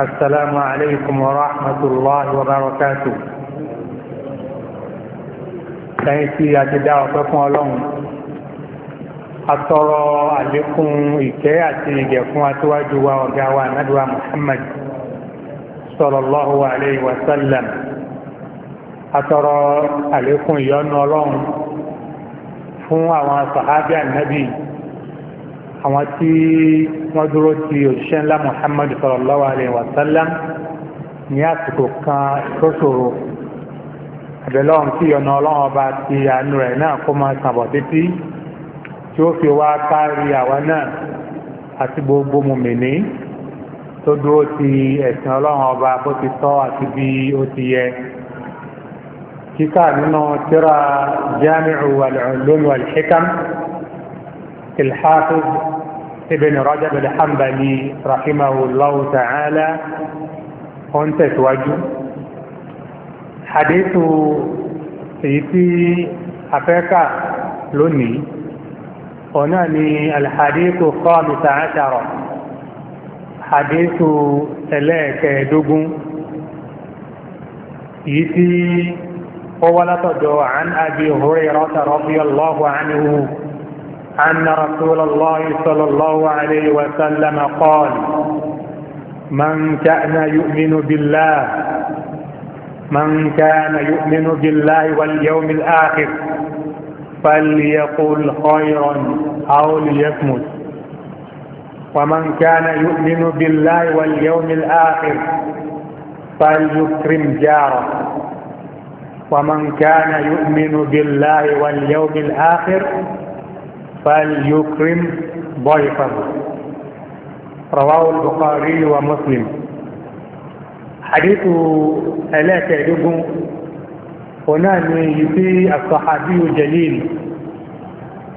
السلام عليكم ورحمة الله وبركاته lẹ́yìn tí a ti dá ọpẹ́ fún ọlọ́run atọrọ àlékún ìkẹ́ àti ìgẹ̀ fún aṣíwájú wa ọ̀gá wa anádùá Muhammad sallallahu alayhi wa sallam atọrọ àlékún ìyọ́nú ọlọ́run fún àwọn sàhábì ànábì àwọn tí wọ́n dúró ti òṣìṣẹ́ ńlá Muhammad sallallahu alayhi wa sallam ní àsìkò kan tó ṣòro àbẹ̀lọ́ tí ọ̀nà ọlọ́run ọba ti àánú rẹ̀ náà kó máa sàbọ̀ títí tí ó fi wá kárí àwa náà àti gbogbo mùmìnì tó dúró ti ẹ̀sìn ọlọ́run ọba bó ti tọ́ àti bí ó ti yẹ kíkà nínú tíra Jami'u wal-Ulum wal-Hikam al ابن رجب الحنبلي رحمه الله تعالى كنت توجه حديث سيتي أفريقيا لوني هنا الحديث الخامس عشر حديث ثلاثة دوغون يتي هو لتدعو عن أبي هريرة رضي الله عنه أن رسول الله صلى الله عليه وسلم قال من كان يؤمن بالله من كان يؤمن بالله واليوم الآخر فليقل خيرا أو ليصمت ومن كان يؤمن بالله واليوم الآخر فليكرم جاره ومن كان يؤمن بالله واليوم الآخر فليكرم ضيفه رواه البخاري ومسلم حديث ألا تعجب هنا يفي الصحابي الجليل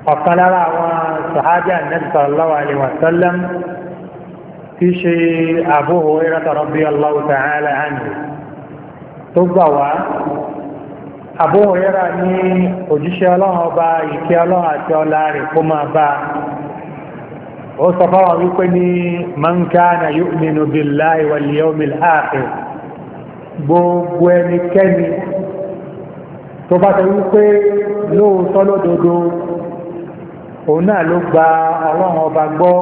وقال له صحابي النبي صلى الله عليه وسلم في شيء أبو هريرة رضي الله تعالى عنه تبوا Abu Huraira ní òjíṣẹ́ ọlọ́run ọba ìkẹ́ ọlọ́run àti ọlá rẹ̀ kó máa bá ó sọ fáwọn wípé ní man kana yu'minu billahi wal yawmil akhir gbogbo ẹnikẹ́ni tó bá sọ wípé lóòótọ́ lódodo òun náà ló gba ọlọ́run ọba gbọ́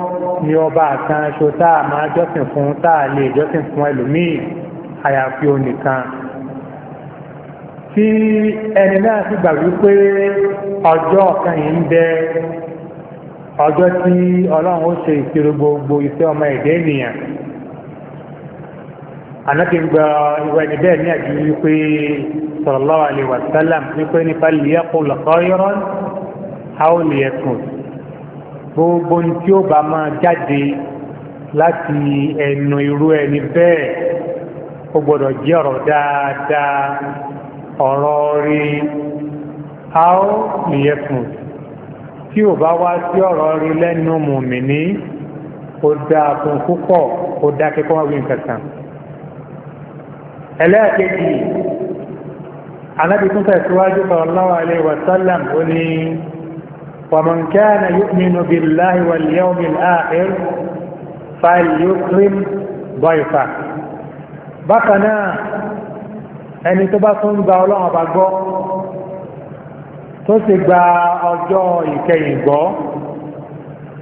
ní ọba àkan aṣọ máa jọ́sìn fún tá lè jọ́sìn fún ẹlòmíì àyàfi onìkan tí ẹni náà sì gbà wípé ọjọ́ kan yìí ń bẹ ọjọ́ tí ọlọ́run ó ṣe ìṣirò gbogbo iṣẹ́ ọmọ ẹ̀dá ènìyàn ànákì gba ìwà ẹni bẹ́ẹ̀ ní àjú wípé sallallahu alaihi wasallam wípé nípa lìyẹ́kù lọ́kọ́rọ́ àwọn lìyẹ́kù gbogbo tí ó bá máa jáde láti ẹnu irú ẹni bẹ́ẹ̀ ó gbọ́dọ̀ jẹ́ ọ̀rọ̀ dáadáa ọ̀rọ̀ rí a ó nìyẹ̀kùn tí ò bá wá sí ọ̀rọ̀ rí lẹ́nu mùmìnì ó dáa fún púpọ̀ ó dá kíkọ́ wí nǹkan kan ẹlẹ́ẹ̀kejì anábì tún tẹ̀síwájú sallallahu alaihi wa sallam ó ní ومن كان يؤمن بالله واليوم الآخر فليكرم ضيفه bákan náà ẹni tó bá tún gba ọlọ́run ọba gbọ́ tó sì gba ọjọ́ ìkẹyìn gbọ́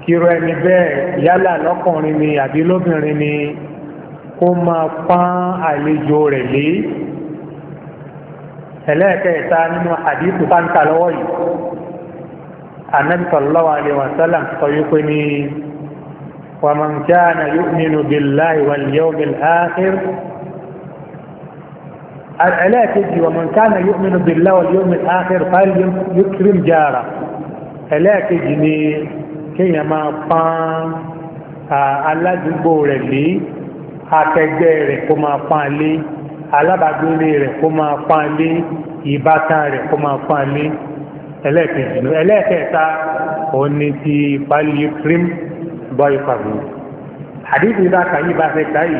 kíró ẹni bẹ́ẹ̀ yálà lọ́kùnrin ni àbí lóbìnrin ni kó máa pán àlejò rẹ̀ lé ẹlẹ́ẹ̀kẹta nínú àdínkù táǹkà lọ́wọ́ yìí anabitọlọwọ alewasala sọ wípé ní wàmọ̀nkí àná yóò nínú bíláì wàlíyọ́ bíláì ẹlẹ́ẹ̀kejì ومن كان يؤمن بالله واليوم الآخر فليكرم جاره ẹlẹ́ẹ̀kejì ni kéèyàn máa pán aládùúgbò rẹ̀ lé akẹgbẹ́ rẹ̀ kó máa pán lé alábàgbélé rẹ̀ kó máa pán lé ìbátan rẹ̀ kó máa pán lé ẹlẹ́ẹ̀kejì ni ẹlẹ́ẹ̀kẹta òun ni ti فليكرم ضيفه àdìsí bá kàyí bá fẹ́ kàyí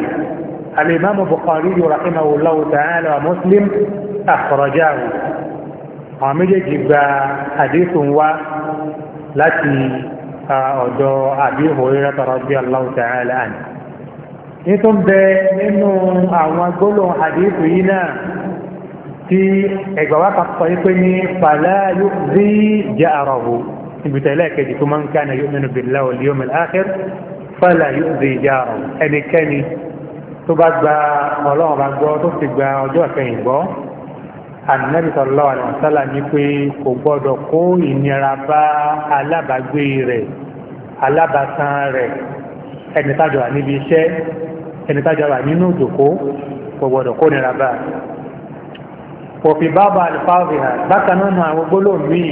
الإمام البخاري رحمه الله تعالى ومسلم أخرجاه عمل جبا حديث و التي أدو أبي هريرة رضي الله تعالى عنه nítorí bẹ nínú àwọn gbólóhùn àdéhùn yìí náà tí ẹgbàwá kan sọ wípé ní fàlà yóò rí jẹ àrọ̀wò níbi tẹ̀lé kejì tó máa ń ká ní yóò mẹ́nu bìlá òlì yóò mẹ́nu ákẹ́rù fàlà yóò rí jẹ àrọ̀wò ẹnikẹ́ni tó bá gba ọlọ́run bá gbọ́ tó sì gba ọjọ́ ìkẹyìn gbọ́ ànábì sallallahu alaihi wasallam ní pé kò gbọ́dọ̀ kó ìnira bá alábàágbé rẹ̀ alábàásán rẹ̀ ẹni tájọ wà níbi iṣẹ́ ẹni tájọ wà nínú ìjòkó kò gbọ́dọ̀ kó ìnira bá òfin bábà alifáàfihà bákan náà àwọn gbólóhùn míì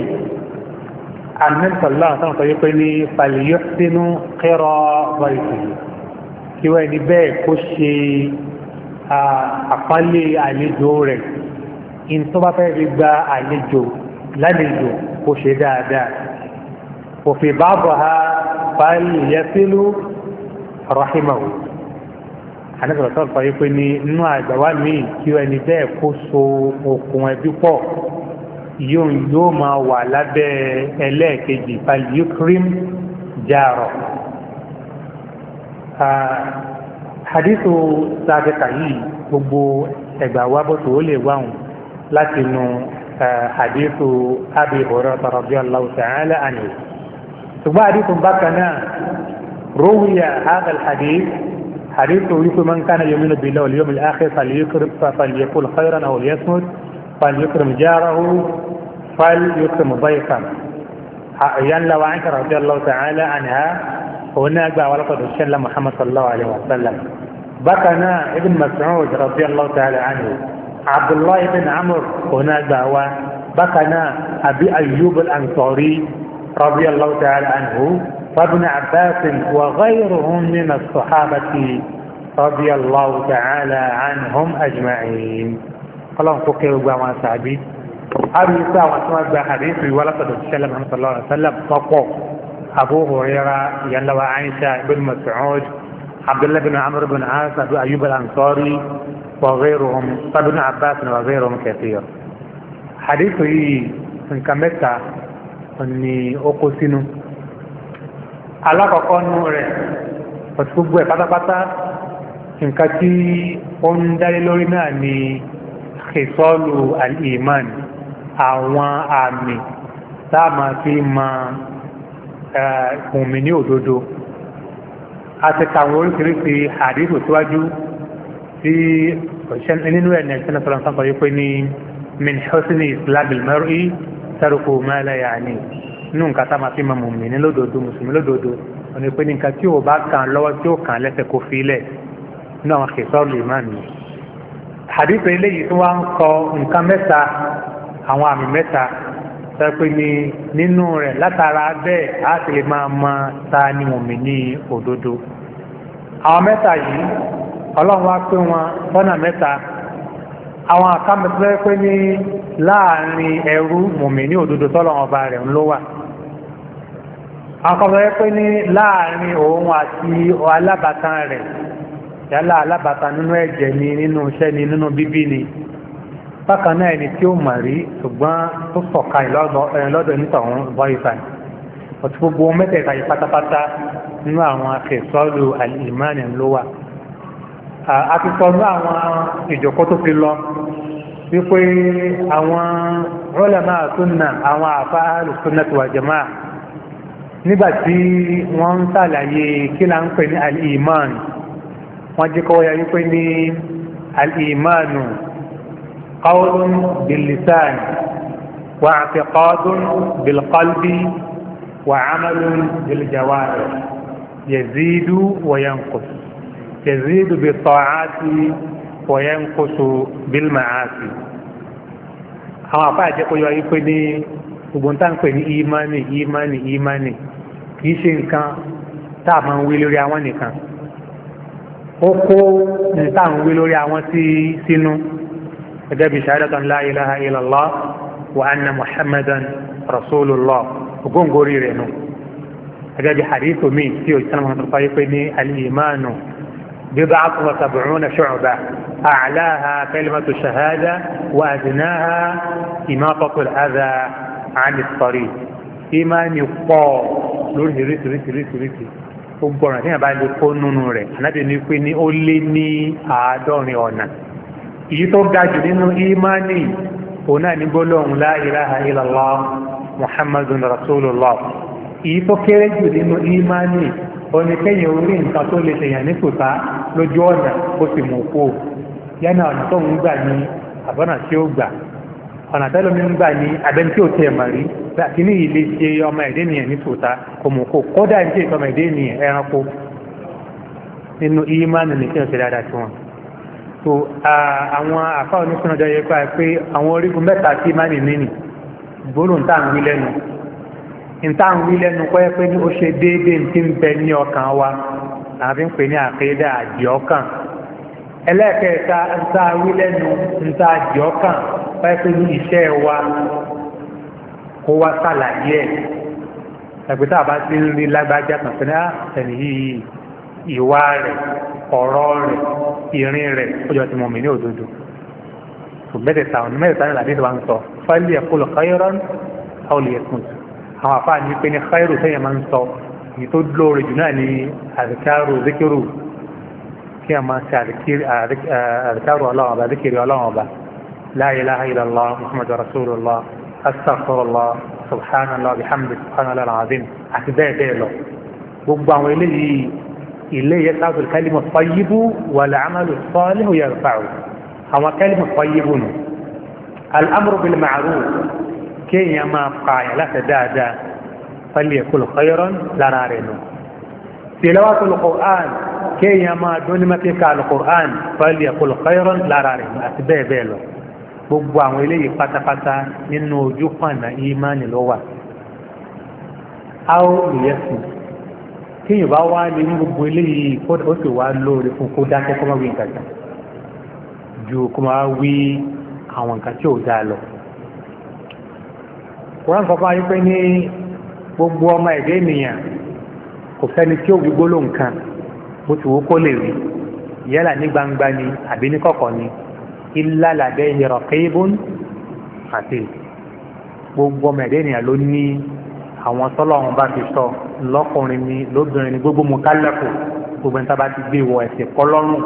ànábì sallallahu alaihi wasallam sọ wípé ní fàlìyọ́sínú kẹrọ bọ́ìsì yìí irú ẹni bẹ́ẹ̀ kó ṣe àpálé àlejò rẹ̀ in tó bá fẹ́ fi gba àlejò lálejò kó ṣe dáadáa òfin báàbò ha fàálì yẹsílú rahimahu anẹ́sọ̀rọ̀ tó sọ wípé ní inú àgbàwá míì kí ẹni bẹ́ẹ̀ kó so okùn ẹbí pọ̀ yóò máa wà lábẹ́ ẹlẹ́ẹ̀kejì fàálì yukrim jaarọ̀ حديث sáfẹ́kà yìí gbogbo ẹgbà wa bó tó lè wáhùn láti nu hadithu abi hurairah radiyallahu ta'ala anhu ṣùgbọ́n bákan náà روي هذا الحديث حديث يقول من كان يؤمن بالله واليوم الآخر فليكرم فليقول خيرا أو ليصمت فليكرم جاره فليكرم ضيفا يعني لو عنك رضي الله تعالى عنها هنا جاء ولقد وسلم محمد صلى الله عليه وسلم بكنا ابن مسعود رضي الله تعالى عنه عبد الله بن عمر هنا جاء بكنا ابي ايوب الانصاري رضي الله تعالى عنه وابن عباس وغيرهم من الصحابه رضي الله تعالى عنهم اجمعين اللهم فكروا بما سعبيد هذه الساعه واسمعت بها حديث ولقد وسلم محمد صلى الله عليه وسلم فقوا abu huraira yalawa aisha ibn mas'ud abdullah ibn amr ibn as abu ayyub al-ansari wa ghayruhum ibn abbas wa ghayruhum kathir hadithu yìí nǹkan mẹ́ta ni ó kó sínú alákọ̀ọ́kọ́ nú rẹ̀ pẹ̀lú gbogbo ẹ̀ pátápátá nǹkan tí ó ń dálé lórí náà ni kìsọ́lù al-iman àwọn àmì tá a máa fi máa mùmí ní òdodo a ti ka àwọn oríṣiríṣi àdéhùn síwájú tí nínú ẹ̀ ní ẹ̀sìn ọ̀sán kan yìí pé ní min husni islabil mar'i taruku ma la ya'ni nínú nǹkan tá a máa fi máa mùmí ní lódodo mùsùlùmí lódodo ọ̀nà pé ní nǹkan tí ò bá kàn lọ́wọ́ tí ó kàn lẹ́sẹ̀ kó fi lẹ̀ nínú àwọn kìsọ́ọ̀lù ìmáàmì àdéhùn eléyìí tí wọ́n ń kọ nǹkan mẹ́ta àwọn àmì mẹ́ta sẹ́pẹ́ ni nínú rẹ̀ látara bẹ́ẹ̀ á ti lè máa mọ ta ni mùmí ní òdodo àwọn mẹ́ta yìí ọlọ́run wá pé wọn lọ́nà mẹ́ta àwọn àkàmẹ́tẹ́ pé láàrin ẹrú mùmí ní òdodo tọ́lọ́run ọba rẹ̀ ń ló wà akọ́sọ́ yẹ láàrin òun àti alábàtàn rẹ̀ yálà alábàtàn nínú ẹ̀jẹ̀ ni nínú iṣẹ́ ni nínú bíbí ni. bákan náà ẹni tí ó mọ̀ rí ṣùgbọ́n tó sọ̀ka lọ́dọ̀ nítọ̀hún bọ́ìfà ọ̀tí gbogbo mẹ́tẹ̀ẹ̀ta yìí pátápátá nínú àwọn akẹ́sọ́lù alìmánì ló wà a ti sọ ní àwọn ìjọkọ́ tó fi lọ wípé àwọn rọ́lẹ̀má súnà àwọn àfáàlù súnà tó wà jẹ́mà nígbàtí wọ́n ń sàlàyé kí là ń pè ní alìmánì wọ́n jẹ́ kọ́ wáyà wípé ní alìmánì قول باللسان واعتقاد بالقلب وعمل بالجوارح يزيد وينقص يزيد بالطاعات وينقص بالمعاصي àwọn àpá àjẹkọ yọ ayípe ní gbogbo tá ń pè ní ìmánì ìmánì ìmánì kìí ṣe nǹkan tá a máa ń wí lórí àwọn nìkan ó kó nǹkan tá à ń wí lórí àwọn sí sínú. Si, gẹ́gẹ́ bí ṣahadatu an la ilaha illallah wa anna muhammadan rasulullah ogóngóri rẹ̀ nù gẹ́gẹ́ bí hadithu mi tí o jẹ́ sanamu tó fáyé pé ní alìmánu bid'atun wa sab'una shu'ba a'laha kalimatu shahada wa adnaha imatatu al-adha 'an at-tariq ìmáni pọ̀ lórí ìrísìírísìírísìírísìí ó gbọ́ràn tí yàrá bá lè kó nínú rẹ̀ anábìyẹn ní pé èyí tó ga jù nínú imani òun náà ní gbólóhùn la ilaha illallah muhammadun rasulullah èyí tó kéré jù nínú imani òun ni kẹ́yìn orí nǹkan tó lè tẹ̀yàn ní kùtà lójú ọ̀nà ó sì mú kú yánà ọ̀nà tó ń gbà ní àbọ̀nà tí ó gbà ọ̀nà tẹ́lẹ̀ mi ń gbà ní abẹ́ni tí ò tẹ̀ mà rí láti ní ilé ṣe ọmọ ẹ̀dẹ́ nìyẹn ní tòótá kò mú kó kódà ní ṣe ọmọ ẹ̀dẹ́ nìyẹn ẹranko nínú ìyí máa ṣe dáadáa sí wọn so uh, àwọn àfa onífúnnàjọ yẹ pa pé àwọn orígun mẹ́ta tí má nì mí nì gbólóhùn tá à ń wí lẹ́nu ìta ń wí lẹ́nu kọ́ yẹ pé ó ṣe déédéé ti ń bẹ ní ọkàn wa àfi ń pè ní àkéédà àdìọ́kàn ẹlẹ́ẹ̀kẹta ńta wí lẹ́nu ńta àdìọ́kàn kọ́ yẹ pé ní iṣẹ́ wa kó wá sàlàyé ẹ̀ ẹ̀pẹ́ tá a bá ti ń rí lágbájá kan fún ẹ̀ ẹ̀nìyí ìwà rẹ̀ ọ̀rọ̀ rẹ̀ ìrìn rẹ̀ ọjọ́ ti mọ̀ mí ní òdodo mẹ́tẹ̀ẹ̀ta ọ̀nà mẹ́tẹ̀ẹ̀ta ní làdídọ̀ wa ń sọ fáìlì ẹ̀kọ́lọ̀ káyọ̀rán àwọn olùyẹ̀kùn àwọn àfáà ní pé ní káyọ̀rù sẹ́yìn máa ń sọ èyí tó lóore jù náà ní àdìkárò zikiru kí a máa ṣe àdìkárò ọlọ́run ọba zikiri ọlọ́run ọba la ilaha illallah muhammadu rasulullah astaghfirullah subhanallah bihamdi subhanallah alazim àti bẹ́ẹ̀ bẹ́ẹ̀ lọ gbogbo àwọn eléyìí ilé yẹsáàtù kálímù tọ́yìbù wà láàmàlù sọ́ọ́lẹ́hù yẹn fàáwù àwọn kálímù tọ́yìbù nù al'amuru bil ma'ruf kéèyàn máa pààyàn láti dáadáa fali ẹ̀kọ́ khayran lára rẹ̀ nù tilawatu al-Qur'an kéèyàn máa dóni máa kíkà al-Qur'an fali ẹ̀kọ́ khayran lára rẹ̀ nù àti bẹ́ẹ̀ bẹ́ẹ̀ lọ gbogbo àwọn eléyìí pátápátá nínú ojú pàǹdà ìmánì ló wà. aw liyẹsùn kéèyàn bá wá lè ní gbogbo eléyìí kódà ó sì wá lóore fún kó dákẹ́ kó má wí nǹkan kan ju kó má wí àwọn nǹkan tí ò dáa lọ. Quran sọ fún pé ní gbogbo ọmọ ẹ̀dá ènìyàn kò sẹ́ni tí ó wí gbólóhùn kan bó ti wò kó lè rí yálà ní gbangba ni àbí ní kọ̀kọ̀ ni illa ladayhi raqibun àti gbogbo ọmọ ẹ̀dá ènìyàn ló ní àwọn tọ́lọ́run bá ti sọ lọ́kùnrin ni lóbìnrin ni gbogbo mu kálẹ̀kù gbogbo níta bá ti gbé wọ ẹ̀sìn kọ́lọ́rùn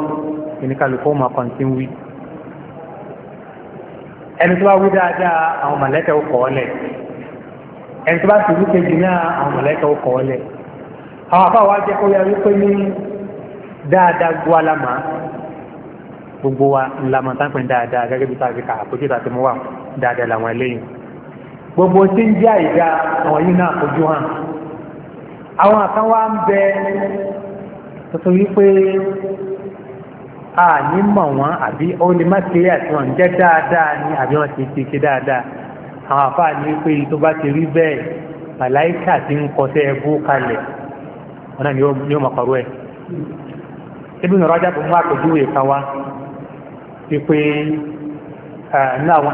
oníkàlùkù ọmọ kan ti ń wí. ẹni tó bá wí dáadáa àwọn mọ̀lẹ́kẹ̀ ó kọ́ ọ́lẹ̀ ẹni tó bá ti wí kejì náà àwọn mọ̀lẹ́kẹ̀ ó kọ́ ọ́lẹ̀ àwọn àbáwá jẹ́ kó yára wípé ní dáadáa gbó alámà gbogbo wa ńlá táǹpẹ̀ dáadáa gẹ́gẹ́ bí gbogbo tí ń jẹ́ àìdá àwọn yìí náà fojú hàn àwọn kan wá ń bẹ tuntun wípé a ní wọn àbí ó wọn jẹ dáadáa ní àbí wọn ti daadaa ṣe dáadáa àwọn àfáà ní pé tó bá ti rí bẹ́ẹ̀ màláìkà ti ń kọsẹ́ ẹbú wọn náà ni ó mọ̀ pàrọ̀ ibi ajá tó mú àpèjúwe kan wá wípé àwọn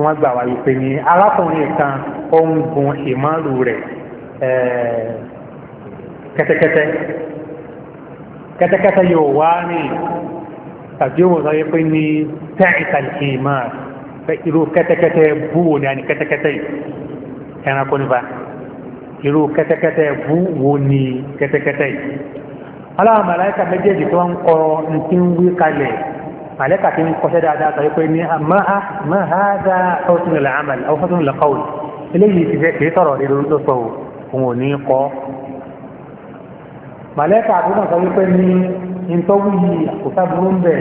tí wọ́n gbà wáyé pé ní arákùnrin kan ó ń gun ìmọ̀lù rẹ̀ kẹ́tẹ́kẹ́tẹ́ kẹ́tẹ́kẹ́tẹ́ yóò wá ní tàbí wọ́n sọ pé ní tẹ́ẹ̀tàlì ìmọ̀ irú kẹ́tẹ́kẹ́tẹ́ búwo ni a ní kẹ́tẹ́kẹ́tẹ́ yìí ẹranko nípa irú kẹ́tẹ́kẹ́tẹ́ búwo ni kẹ́tẹ́kẹ́tẹ́ yìí aláwọ̀ màláìka méjèèjì tó ń kọ́ ní tí ń wí kalẹ̀ ملكة قصد هذا طريق ما ما هذا حسن العمل أو حسن القول إليه في ترى لنصه ونيقى ملكة عدونا طريق انتوي أكتبهم به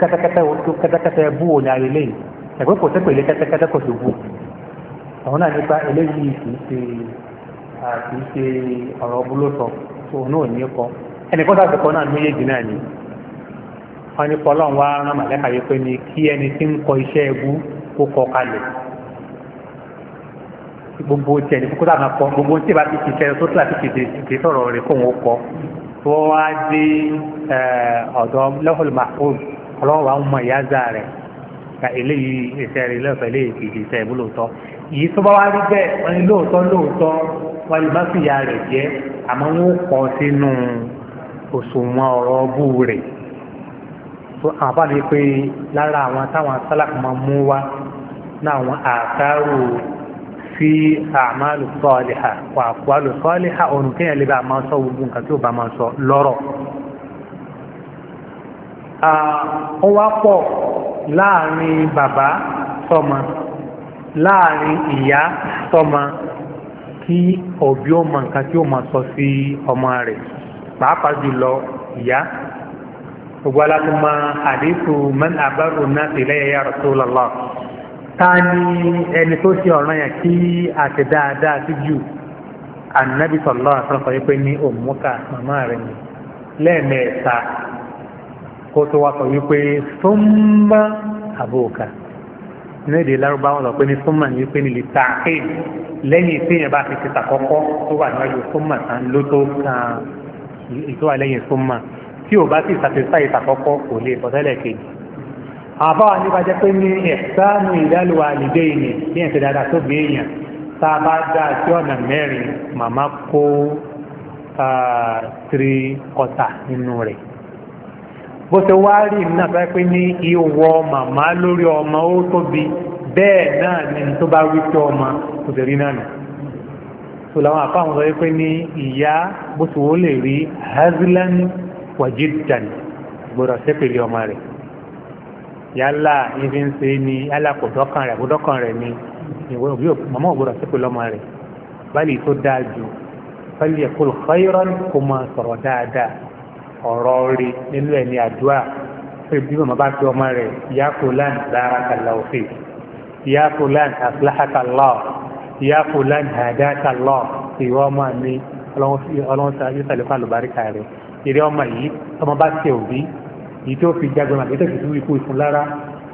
kẹtẹkẹtẹ kẹtẹkẹtẹ bú òní ayé lẹ́yìn ẹgbẹ́ kò sẹpẹ ilé kẹtẹkẹtẹ kò sì bú àwọn náà nípa eléyìí kì í ṣe kì í ṣe ọ̀rọ̀ ọbúlọsọ tó òun náà ní kọ ẹnì kan sáà ti kọ náà méjèèjì náà ni wọ́n ní pọ́lọ́n wá rán màlẹ́kà yìí pé ní kí ẹni tí ń kọ iṣẹ́ ẹgbú kó kọ kalẹ̀ gbogbo tiẹ̀ ní kókó tàbí kọ gbogbo tí ìbá ti ti tẹ sókè àti ti ti sọ̀rọ̀ rẹ̀ kóun ó kọ tó wá dé ọ̀dọ̀ lọ́hùn mahfuz ọlọ́run wa ń mọ ìyá zá ka eléyìí iṣẹ́ rẹ̀ lọ́fẹ̀ẹ́ lè fi iṣẹ́ ìbú lóòótọ́ yìí tó bá wá rí bẹ́ẹ̀ wọ́n ní lóòótọ́ lóòótọ́ wọ́n lè má fi ìyá rẹ̀ jẹ́ àmọ́ wọ́n sínú òṣùwọ̀n ọ̀rọ̀ ọbú rẹ̀ so àbá mi pé lára àwọn táwọn sálàkù máa mú wá náà àwọn àtàrò fi àmàlù sọ́ọ̀lìhà wà àkùwálù sọ́ọ̀lìhà ọ̀nù kéèyàn lè bá máa sọ gbogbo nǹkan tí ó bá máa sọ lọ́rọ̀ ó wá pọ̀ láàrin bàbá sọ́mọ láàrin ìyá sọ́mọ kí òbí ó mọ nǹkan tí ó máa sọ sí ọmọ rẹ̀ pàápàá jùlọ ìyá gbogbo alákùnmá àdínkù mẹ́n àbárò náà sì lẹ́yìn ya Rasulullah ta ni ẹni tó ṣe ọ̀ràn yẹn kí àti dáadáa sí jù ànábì sallallahu alaihi wasallam yìí pé ní òmùka màmá rẹ̀ ni lẹ́ẹ̀mẹ́ta kó tó wá sọ wípé summa àbòkà ní èdè lárúbáwọn pé ní summa ní wípé ní lè ta àkéè lẹ́yìn tí yẹn bá ti ti tàkọ́kọ́ tó wà níwájú summa tán ló tó kan ìtọ́wà lẹ́yìn summa tí ò bá sì sàtìsá ìtàkọ́kọ́ kò lè bọ̀tẹ́lẹ̀ kejì àbáwà nípa jẹ́ pé ní ẹ̀sánù ìdálùwà àlìdé ìní ní ẹ̀sẹ̀ dáadáa tó bí èèyàn tá a bá dá sí ọ̀nà mẹ́rin màmá kó tiri kọta nínú rẹ̀ bó ṣe wá rí náà fẹ́ pé ní ìwọ màmá lórí ọmọ ó tóbi bẹ́ẹ̀ náà ni tó bá wí pé ọmọ kò sì rí náà nù tó làwọn sọ pé ní ìyá bó ṣe wọ́n lè rí hazilan wàjídàn gbọ́dọ̀ sẹ́pẹ̀lẹ̀ ọmọ rẹ̀ yálà ibi ń ṣe ni yálà kò dọ́kàn rẹ̀ kò dọ́kàn rẹ̀ ni màmá ò gbọ́dọ̀ sẹ́pẹ̀lẹ̀ ọmọ rẹ̀ báyìí tó dáa jù fẹ́lẹ̀ yaqul khayran kó máa sọ̀rọ̀ dáadáa ọ̀rọ̀ rí nínú ẹ̀ ní àdúrà pé bí màmá bá fi ọmọ rẹ̀ ya fulan barakallahu fik ya fulan aslahakallah ya fulan hadakallah ìwọ́ ọmọ mi ọlọ́run sàlùkà lùbáríkà rẹ̀ eré ọmọ yìí ọmọ bá tẹ òbí èyí tó fi jágbọn àbí tó fi tú ikú ìfun lára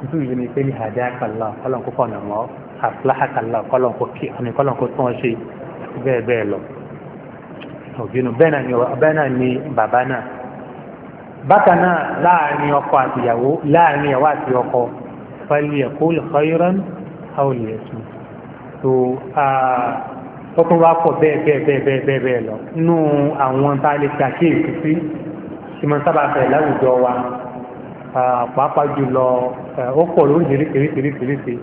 ìtú ìlú ni pé ní àdá kàlá kọlọ̀n kó fọ̀nà mọ́ àfúláhà kàlá kọlọ̀n kó kí ọ̀nà kọlọ̀n kó tún ọ ṣe bẹ́ẹ̀ bẹ́ẹ̀ lọ. òbínú bẹ́ẹ̀ náà ni bẹ́ẹ̀ náà ni bàbá náà bákan náà láàrin ọkọ àti ìyàwó láàrin ìyàwó àti ọkọ fẹ́lẹ̀ kó lè fọ́ irán àwọn olùyẹ̀sùn ó tún wá pọ̀ bẹ́ẹ̀ bẹ́ẹ̀ bẹ́ẹ̀ bẹ́ẹ̀ bẹ́ẹ̀ bẹ́ẹ̀ lọ nú àwọn tá a lè ṣàkíyèsí sí ìmọ̀ sábà fẹ̀ láwùjọ wa pàápàá jùlọ ó pọ̀ lórí ìrísìírísìírísìí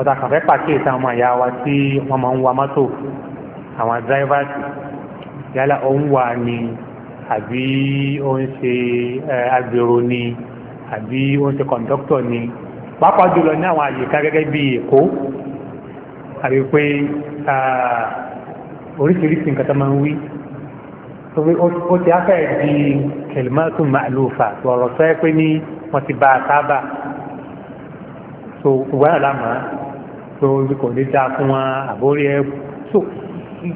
ọ̀tà kàfẹ́ pàkíyèsí àwọn àyà wa tí wọ́n máa ń wa mọ́tò àwọn dírẹ́fàsì yálà ó ń wà ní àbí ó ń ṣe agbèrò ni àbí ó ń ṣe kọ̀ǹdọ́kítọ̀ ni pàápàá jùlọ ní àwọn àyíká gẹ́gẹ́ bí Èkó àbí pé oríṣiríṣi nǹkan tó máa ń wí ó ti afẹ́ di kẹlímátù màlúfà ọ̀rọ̀ sọ ẹ́ pé ní wọ́n ti bá a sábà so wàhálà lámà so ibi kò ní dáa fún wọn àbórí ẹ so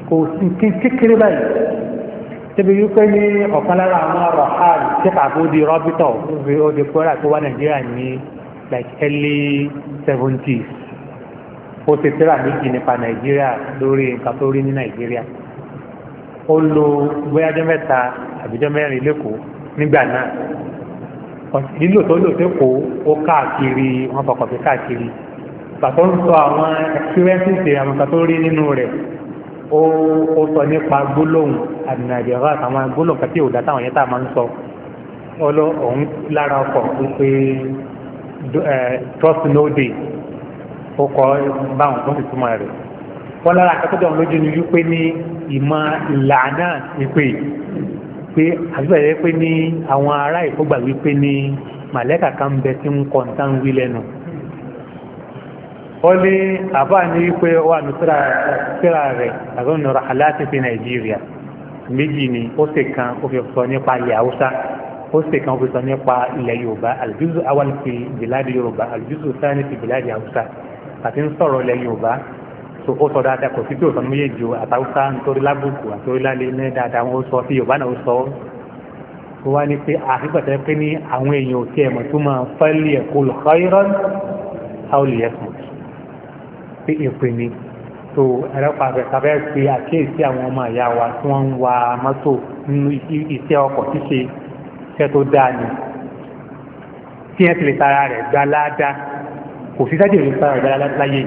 kò sí kékeré báyìí tẹ́bi wípé ní ọ̀kan lára àwọn ọ̀rọ̀ hàn tí kàbó di rọ́bítọ̀ ó di kóra tó wá nàìjíríà ní like early seventies ó ṣe tíra méjì nípa nàìjíríà lórí nǹkan tó rí ní nàìjíríà ó lo bóyá ọjọ́ mẹ́ta àbíjọ́ mẹ́rin lẹ́kọ̀ọ́ nígbà náà lílò tó lò sẹ́kọ̀ọ́ ó káàkiri wọn fọkàn sí káàkiri pàtó ń sọ àwọn experiences àwọn nǹkan tó rí nínú rẹ̀ ó ó sọ nípa gbólóhùn àdìnàdìrà àtàwọn gbólóhùn kàtí òdà táwọn yẹn tá a máa ń sọ ọlọ́ òun lára ọkọ̀ wípé eh, trust no day ó kọ báwọn tó ń túmọ̀ rẹ̀ wọ́n lára akẹ́kọ̀ọ́ lójú ni wípé ní ìmọ̀ ìlànà ìpè pé àbíbẹ̀rẹ̀ pé ní àwọn ará ìkógbà wípé ní màlẹ́kà kan bẹ tí ń kọ́ nǹkan wí lẹ́nu ó ní àbá ní wípé wà ní síra rẹ̀ àgbọn nọ̀rọ̀ aláti fi nàìjíríà méjì ni ó sì kan ó fi sọ nípa ilẹ̀ haúsá ó sì kan ó fi sọ nípa ilẹ̀ yorùbá aljuzu awal fi bìláàdì yorùbá aljuzu sáà àti ń sọ̀rọ̀ ilẹ̀ yorùbá tó ó sọ dáadáa kò sí pé òsàn méjèèjì o àtàwùsá nítorí lábùkù àti orílẹ̀-èdè ní dáadáa wọn ó sọ sí yorùbá náà ó sọ ó wá ní pé àfipàtẹ́ pé ní àwọn èèyàn ò tiẹ̀ mọ̀ tó máa fẹ́lì ẹ̀kọ́ lọ́kọ́rọ́n àwòlì ẹ̀sùn pé èpè ni tó ẹ̀rọ́pàá fẹ́ pé àkíyèsí àwọn ọmọ àyà wa tí wọ́n ń wa mọ́tò nínú iṣẹ́ ọkọ̀ ṣíṣe iṣẹ́ tó dáa ni tí ẹ ti lè tara rẹ̀ gba ládàá kò sí sẹ́jẹ̀ yóò gba ẹ̀gbára láyé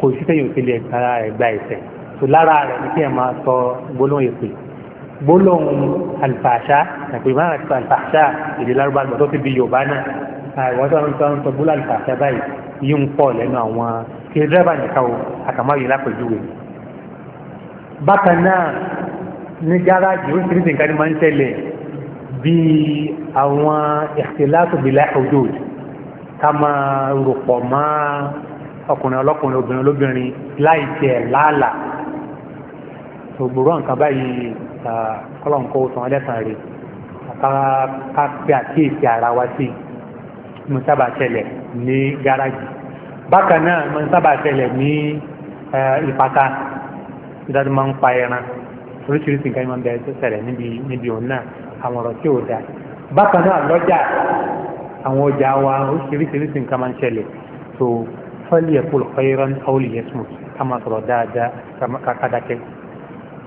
kò sí sẹ́jẹ̀ yóò fi lè gba ẹ̀gbá ẹ̀sẹ̀ tó lára rẹ̀ ní kí ẹ máa sọ gbólóhùn èpè gbólóhùn alfàṣà ẹ̀pè máa ti alfàṣà èdè lárúbá lọ tó ti di yorùbá náà àwọn tó ń sọ ń sọ gbólóhùn alfàṣà báyìí yìí ń pọ̀ lẹ́nu àwọn kí ẹ dẹ́rẹ́bà nìkan o àkàmọ́ yìí lápẹ̀júwe bákan náà ní gáràjì oríṣiríṣi nǹkan ni máa ń tẹ̀lé bíi àwọn ìṣẹ̀lá tó bìlá òjòjì ká máa rò pọ̀ mọ́ ọkùnrin ọlọ́kùnrin obìnrin olóbìnrin láì tiẹ̀ láàlà ògbòrò nǹkan báyìí kọ́lọ̀ǹkọ́ sàn ẹlẹ́sàn rè ká pe àkíyèsí ara wa sí mo sábà ṣẹlẹ̀ ní gáràjì bákan náà mo sábà ṣẹlẹ̀ ní ìpàtà ìdájọ́ máa ń pa ẹran oríṣiríṣi nǹkan máa bẹ̀rẹ̀ ṣẹlẹ̀ níbi òun náà àwọn ọ̀rọ̀ tí ò dáa bákan náà lọ́jà àwọn ọjà wa oríṣiríṣiríṣi nǹkan máa ń ṣẹlẹ̀ so fọ́lì ẹ̀kọ́ khairan aw liyasmut ká máa sọ̀rọ̀ dáadáa kàkàdàkẹ́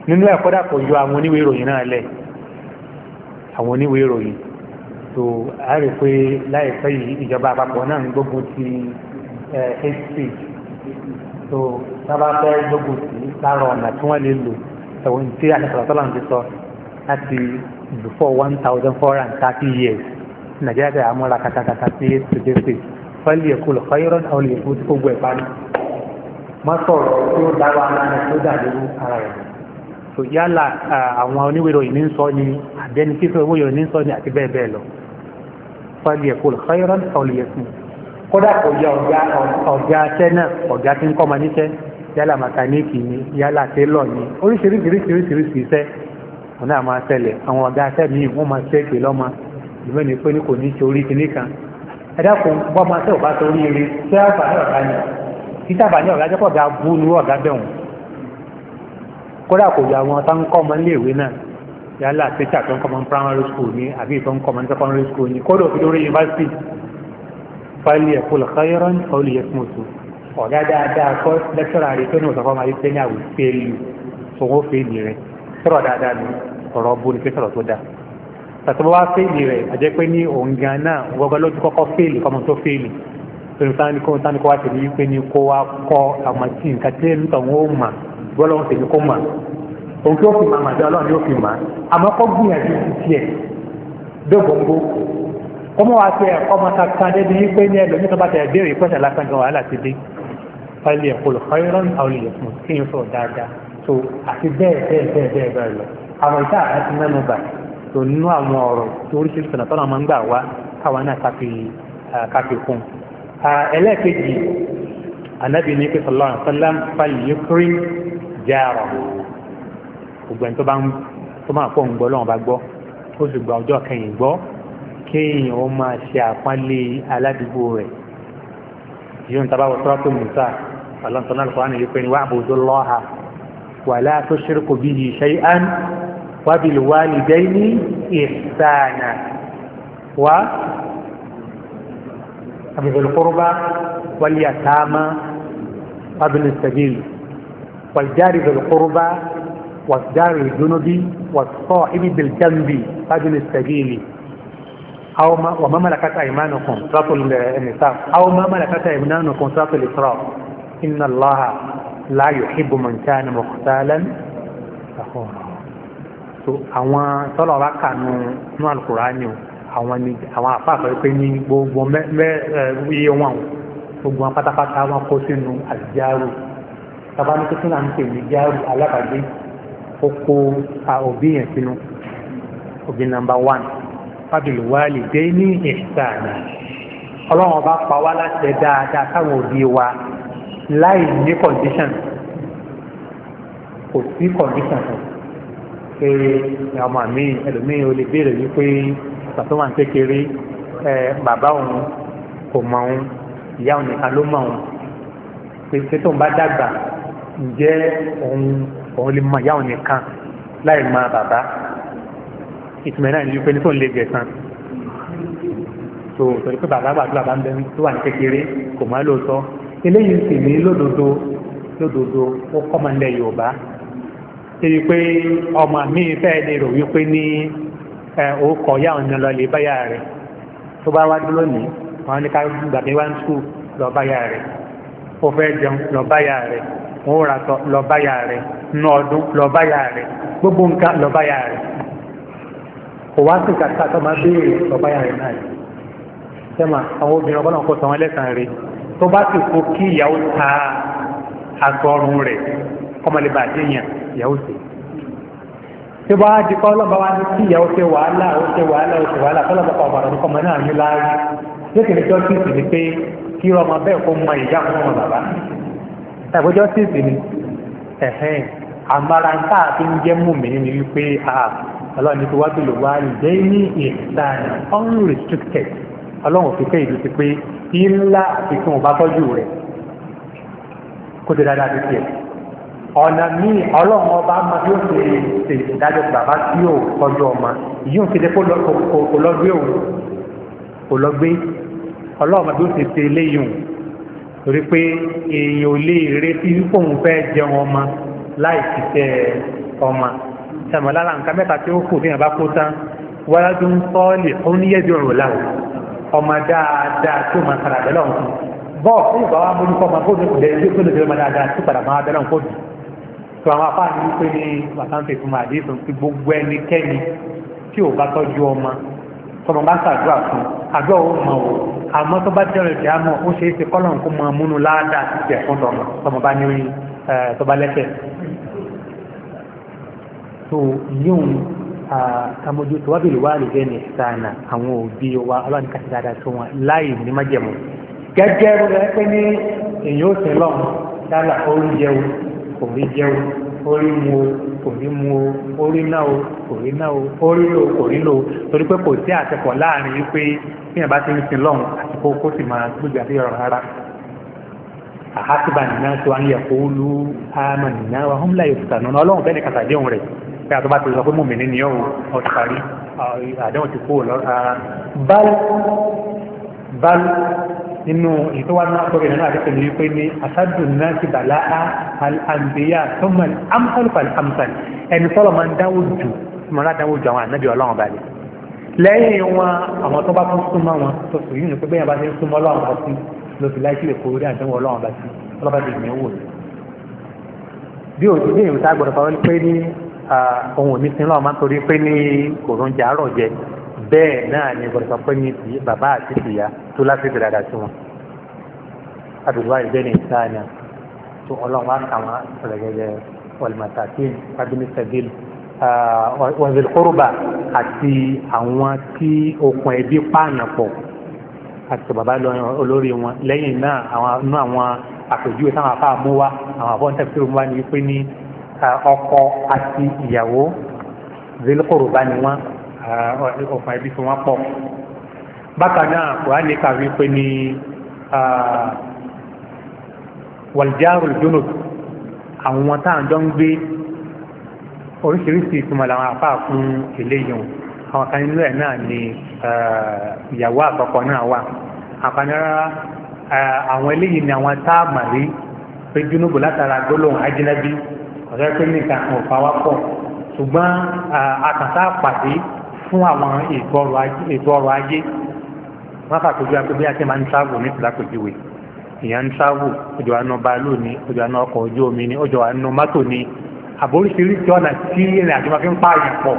nínú ẹ̀kọ́ dàpọ̀ yọ àwọn oníwèé ìròyìn náà lẹ̀ àwọn oníwèé ìròyìn so a rí pé láìpẹ́ yìí ìjọba àpapọ̀ náà ń gbógun ti hate speech so sábà fẹ́ gbógun ti lára ọ̀nà tí wọ́n lè lò ẹ̀wọ̀n tí àṣà sọ̀rọ̀ sọ́lá ń ti sọ láti before one thousand four hundred and thirty years nàìjíríà àmúra katakata sí tòjésì fẹ́lì ẹ̀kọ́ lọ fáyọ́rọ́ àwọn olùyẹ̀kọ́ tí gbogbo ẹ̀ parí má sọ̀rọ̀ tí ó dá wa lára tó dà lóru ara ẹ̀ tó yálà àwọn oníwèrè òyìn ń sọ ni àbẹ́ni fífẹ́ owó yòó ní sọ ni àti bẹ́ẹ̀ bẹ́ẹ̀ lọ fẹ́lì ẹ̀kọ́ lọ fáyọ́rọ́ àwọn olùyẹ̀kọ́ kódà kò yá ọ̀gá tẹ́ náà ọ̀gá tí ń kọ́ ma níṣẹ́ yálà mẹkáníìkì ni yálà tẹ́lọ̀ ni oríṣiríṣiríṣiríṣi iṣẹ́ wọn náà máa ṣẹlẹ̀ àwọn ọ̀gá tẹ́ mi wọ́n máa ṣẹ́ẹ̀kì lọ́mọ ìmọ̀ ní pé ní kò ní torí kìíní kan ẹ̀dàkùn bọ́mọ tẹ́ ò bá torí eré tẹ́ àbà ní ọ̀gá ni títàbà ní ọ̀gá jẹ́pọ̀ ga bú ní ọ̀gá bẹ̀wọ̀n kódà kò yà wọn tán kọ́ ọmọ iléèwé náà yálà títà tó ń kọ́ ọmọ primary school ni àbí tó ń kọ́ ọmọ secondary school ni kódà òfin lórí university fáìlì ẹ̀kọ́ lọ́kọ́yọ́rọ́n ọ̀lù yẹ fún oṣù ọ̀gá dáadáa kọ́ lẹ́kítọ́rà rẹ̀ tó ní òṣàkọ́ máa yí pé ní àwòṣe lu sọ̀wọ́ fèèlì rẹ̀ sọ̀rọ̀ dáadáa ni ọ̀rọ̀ tàtàbí wá fèèlì rẹ̀ àjẹ́ pé ní òǹgà náà gbogbo ló ti kọ́kọ́ fèèlì kọ́mọ tó fèèlì tó ní sáni kó sáni kó wá tẹ̀lé yí pé ní kó wá kọ́ àmọ́ tí nǹkan tí ń tọ̀ wọ́n mà gbọ́dọ̀ wọ́n tẹ̀lé kó mà òun tí ó fi mà mà dá ọlọ́run yóò fi mà àmọ́ kọ́ gbìyànjú ti tiẹ̀ dógóńgó kọ́mọ wá pé ẹ̀kọ́ ọmọ kankan débi yí pé ní ẹlòmí tó bá tẹ̀ béèrè pẹ́sẹ̀ lásán àwọn ìta àti mẹ́nu tó nínú àwọn ọ̀rọ̀ tó oríṣiríṣi ọ̀nà tọ́nà máa ń gbà wá káwa náà káfí kún. ẹlẹ́ẹ̀kejì anábì ní pé sallallahu alaihi wasallam falyukrim jarahu ògbẹ́n tó máa fọ́ ń gbọ́ lọ́wọ́ bá gbọ́ ó sì gba ọjọ́ kẹyìn gbọ́ kéèyàn ó máa ṣe àpọ́nlé aládùúgbò rẹ̀ yóò ń tabawọ̀ sọ́rọ́tò Musa sallallahu alaihi wasallam ní wa'budullaha wa وبالوالدين إحسانا و ذي القربى واليتامى وابن السبيل والجار ذي القربى والجار الجنبي والصاحب بالجنب وابن السبيل أو ما وما ملكت أيمانكم صلاة النساء أو ما ملكت أيمانكم صلاة الإسراف إن الله لا يحب من كان مختالا فخورا so àwọn tọ́lọ̀ bá kà nù nù alukurani o àwọn ni àwọn àfáàfẹ́ pé ní gbogbo mẹ́ iye wọn o gbogbo wọn pátápátá wọn kó sínú àjárò tàbá ní kí sínú à ń pè ní járò alábàgbé ó kó òbí yẹn sínú òbí nàmbà wán fábìlì wáàlì dé ní ìsànà ọlọ́run ọba pa wá láti ẹ̀ dáadáa káwọn òbí wa láì ní condition kò sí condition kan pé ọmọ mi ẹlòmíì ò lè béèrè wípé bàbá wà ń kékeré bàbá òun kò mọ òun ìyá òun nìkan ló mọ òun pé tóun bá dàgbà ǹjẹ́ òun òun lè mọ ìyá òun nìkan láì mọ bàbá ìtumẹ̀ náà ní wípé ní tóun lè gẹ̀sán tó torí pé bàbá gbàdúrà bá ń bẹ tó wà ní kékeré kò mọ lóòótọ́ eléyìí sì ní lódodo lódodo ó kọ́ mọ́ ilẹ̀ Yorùbá ṣe pé ọmọ mi fẹ́ lè rò wípé ní orúkọ ìyá òun lọ lè báyà rẹ̀ tó bá wá dúró ní wọn ní ká wá ń lọ báyà rẹ̀ ó fẹ́ jẹun lọ báyà rẹ̀ lọ báyà rẹ̀ lọ báyà gbogbo nǹkan lọ báyà rẹ̀ kò wá sí kàkà tó máa béèrè lọ báyà rẹ̀ náà sẹ́mà àwọn obìnrin ọgbọ́n kò sọ wọn lẹ́sàn-án rẹ̀ tó bá sì kó kí ìyàwó kọ́mọlẹ́bà àdéhìyàn ìyàwó sí tí bá di kọ́ lọ́ba wá ní kí ìyàwó ṣe wàhálà ó ṣe wàhálà ó ṣe wàhálà tọ́lọ́ba pa ọ̀bàrà ní kọ́mọ náà ní láàárí lókèrè justice ni pé kí ọmọ bẹ́ẹ̀ kó mọ ìyá fún ọmọ bàbá ẹ̀fọ́ justice ni ẹ̀hẹ́n àmàrà ń tà fi ń jẹ́ mú mi ní wípé ọlọ́run ní ti wá bìlò wá ìdẹ́ ní ìdáná unrestricted ọlọ́run fi fẹ́ ìlú ti pé ńlá àfikún ọba tọ́jú rẹ̀ kó ti dáadáa ti tiẹ̀ ọ̀nà míì ọlọ́run ọba máa yóò ṣe ṣe ìdájọ́ bàbá tí yóò kọjú ọmọ yóò ṣe kó lọ́gbé òun kò lọ́gbé ọlọ́run ọba yóò ṣe ṣe eléyìí torí pé èèyàn ò lè retí wípé òun fẹ́ jẹun ọmọ láì ṣiṣẹ́ ọmọ sàmọ́ lára nǹkan mẹ́ta tí ó kù fi hàn bá kó tán wọ́n tó ń sọ́ọ̀lì òun ní yẹ́dì ọ̀rọ̀ láwọ̀ ọmọ dáadáa tó máa kàrà bẹ́lọ̀ nǹkan bọ́ọ̀ fún ìgbà wa mú ní kọ́ ọmọ bóun ní kò dé ilé tó lè dé ọmọ dáadáa tó padà máa bẹ́lọ̀ nǹkan dùn tó àwọn afáàní wípé ní bàtàǹtì fún àdéhùn tí gbogbo ẹnikẹ́ni tí ò bá tọ́jú ọmọ tọmọ bá ń ṣàdúrà fún àdúrà ó mọ o àmọ́ tó bá jẹ́rọ ìdí àmọ́ ó ṣe é ṣe kọ́lọ̀ kó mọ múnú láàdá àti ẹ̀fún tọmọ tọmọ bá ní orin tó bá lẹ́sẹ̀. tó yíyún àmójútó wábìlì wà lè jẹ́ ní ìsáànà àwọn òbí wa ọlọ́run kàṣí dáadáa tó wọn láì ní májẹ̀mú gẹ́gẹ́ rẹ̀ pé ní èyí ó sin lọ́run yálà oúnjẹ kò rí jẹun orí mu o kò rí mu o orí náà o kò rí náà o orí lò kò rí lò o torí pé kò sí àtẹkọ̀ láàrin wípé bí wọn bá ti ń sin lọ́hùn àti kó kó sì máa gbójú àti ọ̀rọ̀ rárá. àhásíbà nìyá tó wá ń yẹ kó lu àmà nìyá wa hóm láyé òkúta nínú ọlọ́run bẹ́ẹ̀ ni kàtà déhùn rẹ̀ pé àtọ́ bá ti sọ pé mòmìnir ni ọ̀hún ọ̀tàrí bal nínú ìtọ́wọ́nà àkọ́rẹ̀ náà àti pẹ̀lú wípé ní asadun náà ti bàlá al-anbiya thumma al-amsal fal-amsal ẹni tọ́lọ̀ máa ń dáwò jù mọ́lá dáwò jù àwọn ànábì ọlọ́run balẹ̀ lẹ́yìn wọn àwọn tó bá tún súnmọ́ wọn tó sì yìí ní pé bẹ́yàn bá ti ń súnmọ́ ọlọ́run bá sí ló fi láìsí lè kórè àdánwò ọlọ́run bá sí ọlọ́ba ti gbìn wò bí òjì bí èyí tá gbọdọ̀ fọwọ́ pé ní ohun òní sin lọ́wọ́ máa ń torí pé ní kòròǹjà àárọ̀ jẹ bẹ́ẹ̀ náà ni gbọ́dọ̀ pé ní ti bàbá àti ìyá tó lásìkò dáadáa sí wọn àdùgbò ìgbẹ́ ní tó ọlọ́run wá kàwọn ọ̀lẹ́gẹ́gẹ́ ọ̀lẹ́mọ̀tàkìn abínísẹ́gẹ́lì wọ̀nzẹ̀lì kóróbà àti àwọn tí okùn ẹbí pààyàn pọ̀ àti bàbá olórí wọn lẹ́yìn náà àwọn inú àwọn àpèjúwe táwọn afá mú wá àwọn àbọ̀ntẹ́fẹ́ mú wá ní pé ní ọkọ àti ìyàwó zẹ̀lì kóróbà ni wọ́n ọ̀fà ibi fún wọn pọ̀ bákan náà kùránì kà wípé ní wàlìjáàrò lónà àwọn tá à ń jọ ń gbé oríṣiríṣi ìtumọ̀ làwọn afá fún eléyìí àwọn kan nínú ẹ̀ náà ni ìyàwó àkọ́kọ́ náà wà àpánára àwọn eléyìí ni àwọn tá a mà rí pé júnúbù látara gbólóhùn ajínábí ọ̀sẹ̀ pé nìkan kan ò fa wá pọ̀ ṣùgbọ́n àkàtà pàdé fún àwọn ètò ọrọ̀ ajé wọ́n fàkójú akébí àti máa ń travel ní ìtìlákòjúwe èèyàn ń travel ojú àánú balu ni ojú àánú ọkọ̀ ojú omi ni ojú àánú mọ́tò ni àbóríṣiríṣi ọ̀nà tí ìrìn àjò máa fi ń pààyàn pọ̀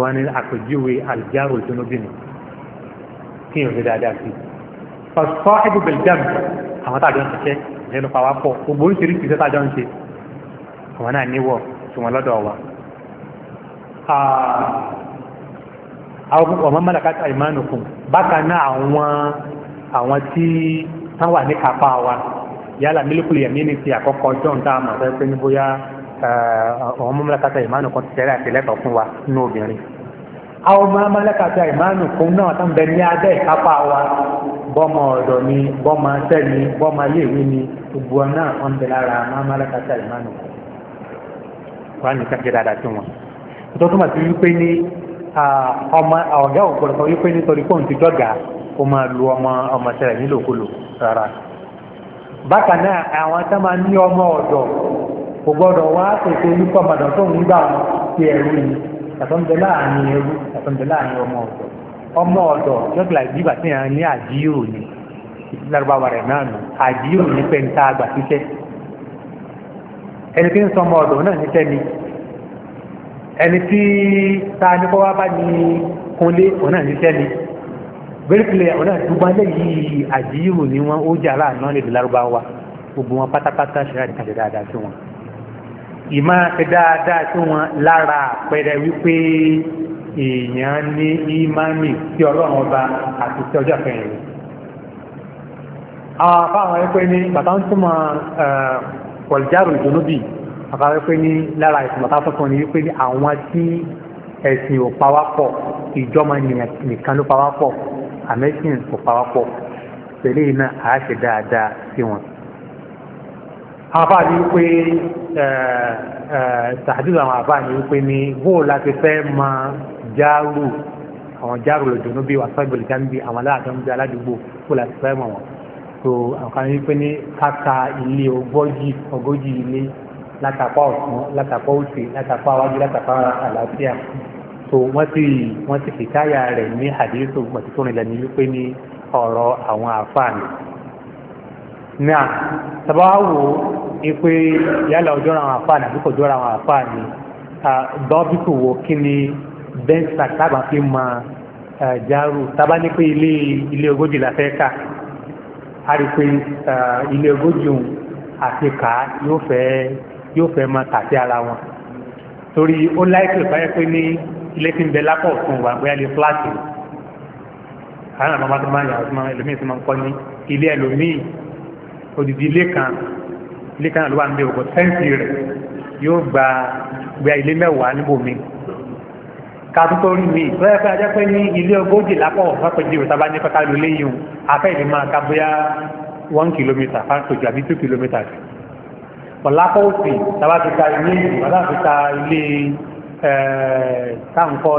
wọn ni àpèjúwe àlùjáwò ìdúnúbìnú kí èèyàn fi dáadáa sí ọ̀sọ́ ẹ̀dùbẹ̀lì dàmù àwọn tàjọ ń ṣiṣẹ́ ìṣẹ́nu pa wá pọ̀ gbogbo oríṣiríṣi iṣẹ́ tàjọ ń ṣe àwọn náà níwọ̀ tí wọ́n lọ́dọ̀ wa. Ah, àwọn ọmọ mọ́lákàtà ìmánukùn bákan náà àwọn àwọn tí wọ́n wà ní kápá wa yálà mílíkùlù yẹ̀mí ní ti àkọ́kọ́ john tá a mọ̀ fẹ́ pé ní bóyá ọmọ mọ́lákàtà ìmánukùn ti tẹ́lẹ̀ àtìlẹ́tọ̀ fún wa ní obìnrin. àwọn ọmọ mọ́lákàtà ìmánukùn náà tó ń bẹ ní abẹ́ ìkápá wa bọ́mọ ọ̀dọ̀ ni bọ́mọ sẹ́ni bọ́mọ iléèwé ni gbogbo náà wọ́n bẹ lára ọmọ mọ́lákàtà ìmánukùn. wọ́n á ní ká ọmọ ọ̀gá ògbọ̀rọ̀ sọ wípé nítorí pọ́ùn ti dọ́gà ó máa lu ọmọ ọmọ tẹ̀rẹ̀ nílòkulò rárá bákan náà àwọn tó máa ní ọmọ ọ̀dọ̀ kò gbọ́dọ̀ wá pèsè nípa ọmọdọ̀ tó ń gbà wọn sí ẹrú ni àtọ́nbẹ láàrin ẹrú àtọ́nbẹ láàrin ọmọ ọ̀dọ̀ ọmọ ọ̀dọ̀ just like bí bàtí yẹn ní àjíyò ni lárúbáwá rẹ̀ náà nù àjíyò ní pẹ́ńtà àgbà ṣiṣẹ́ ẹni tí ni ẹni tí ta ní kọ́wá bá ní kúnlé ọ̀nà níṣẹ́ ni bíríkìlẹ̀ ọ̀nà dúgbálẹ̀ yìí àjíyìrò ni wọ́n ó jẹ́ aláàánú lè lárúbáwá gbogbo wọn pátápátá ṣe láti kàṣẹ dáadáa sí wọn ìmọ̀ ṣe dáadáa sí wọn lára àpẹẹrẹ wípé èèyàn ní ìmánì sí ọlọ́run ọba àti sí ọjọ́ àfẹ́yìn rẹ̀ àwọn afáwọn ẹgbẹ́ ní bàbá ń túmọ̀ pọ̀lìjárò ìdùnnú àkàrà wípé ní lára ìsìnkàtà fọ́fún ni wípé ní àwọn tí ẹ̀sìn ò pawápọ̀ ìjọba nìkan ló pawápọ̀ àmẹ́sìn ò pawápọ̀ pẹ̀lú iná àáṣe dáadáa sí wọn. àfáà ni wípé tàdúrà àwọn àfáà ni wípé ní bóòlù láti fẹ́ máa járù àwọn járù lòdùnú bíi wàásù ìgbòlùjá ń bi àwọn aláàdọ́ ń bi aládùúgbò bóòlù láti fẹ́ mọ̀ wọn. so àwọn kan ní wípé ní káka ilé ogójì ogójì ilé látàpá ọ̀tún látàpá òsì látàpá wájú látàpá àlàáfíà so wọ́n ti wọ́n ti fìtáyà rẹ̀ ní àdéhùn wọ́n lẹ́nu wípé ní ọ̀rọ̀ àwọn àfààní. náà sábà wò ó pé yálà ọjọ́ àwọn àfààní àbíkọ̀ ọjọ́ àwọn àfààní dọ́bìkù wo kí ni bẹ́ńsà tábà fi mọ járù tábà ní pé ilé ilé ogójì la fẹ́ kà á rí pé ilé ogójì òun àti kà yóò fẹ́ yóò fẹ́ máa tàsí ara wọn torí ó láìpẹ́ báyẹn pé ní ilé tí ń bẹ lápọ̀ fún wa bóyá lè fúláàtì àwọn àwọn ọmọdé máa yàrá máa ẹlòmíì tí máa ń kọ́ ní ilé ẹlòmíì odidi ilé kan ilé kan ló wà níbi òkò sẹ́ǹtì rẹ̀ yóò gba gba ilé mẹ́wàá níbòmí kàtúntò rí mi bóyá pé ajá pé ní ilé ogójì lápọ̀ fápẹ́jì rẹ̀ tábà ní kọ́ká ló léyìn afẹ́ ìdí máa ká bóyá one kilometre fápẹ́jì àbí two kilometres ọ̀lápọ̀ òfin tàbá ti ta ilé ìbàdà ti ta ilé táǹkọ́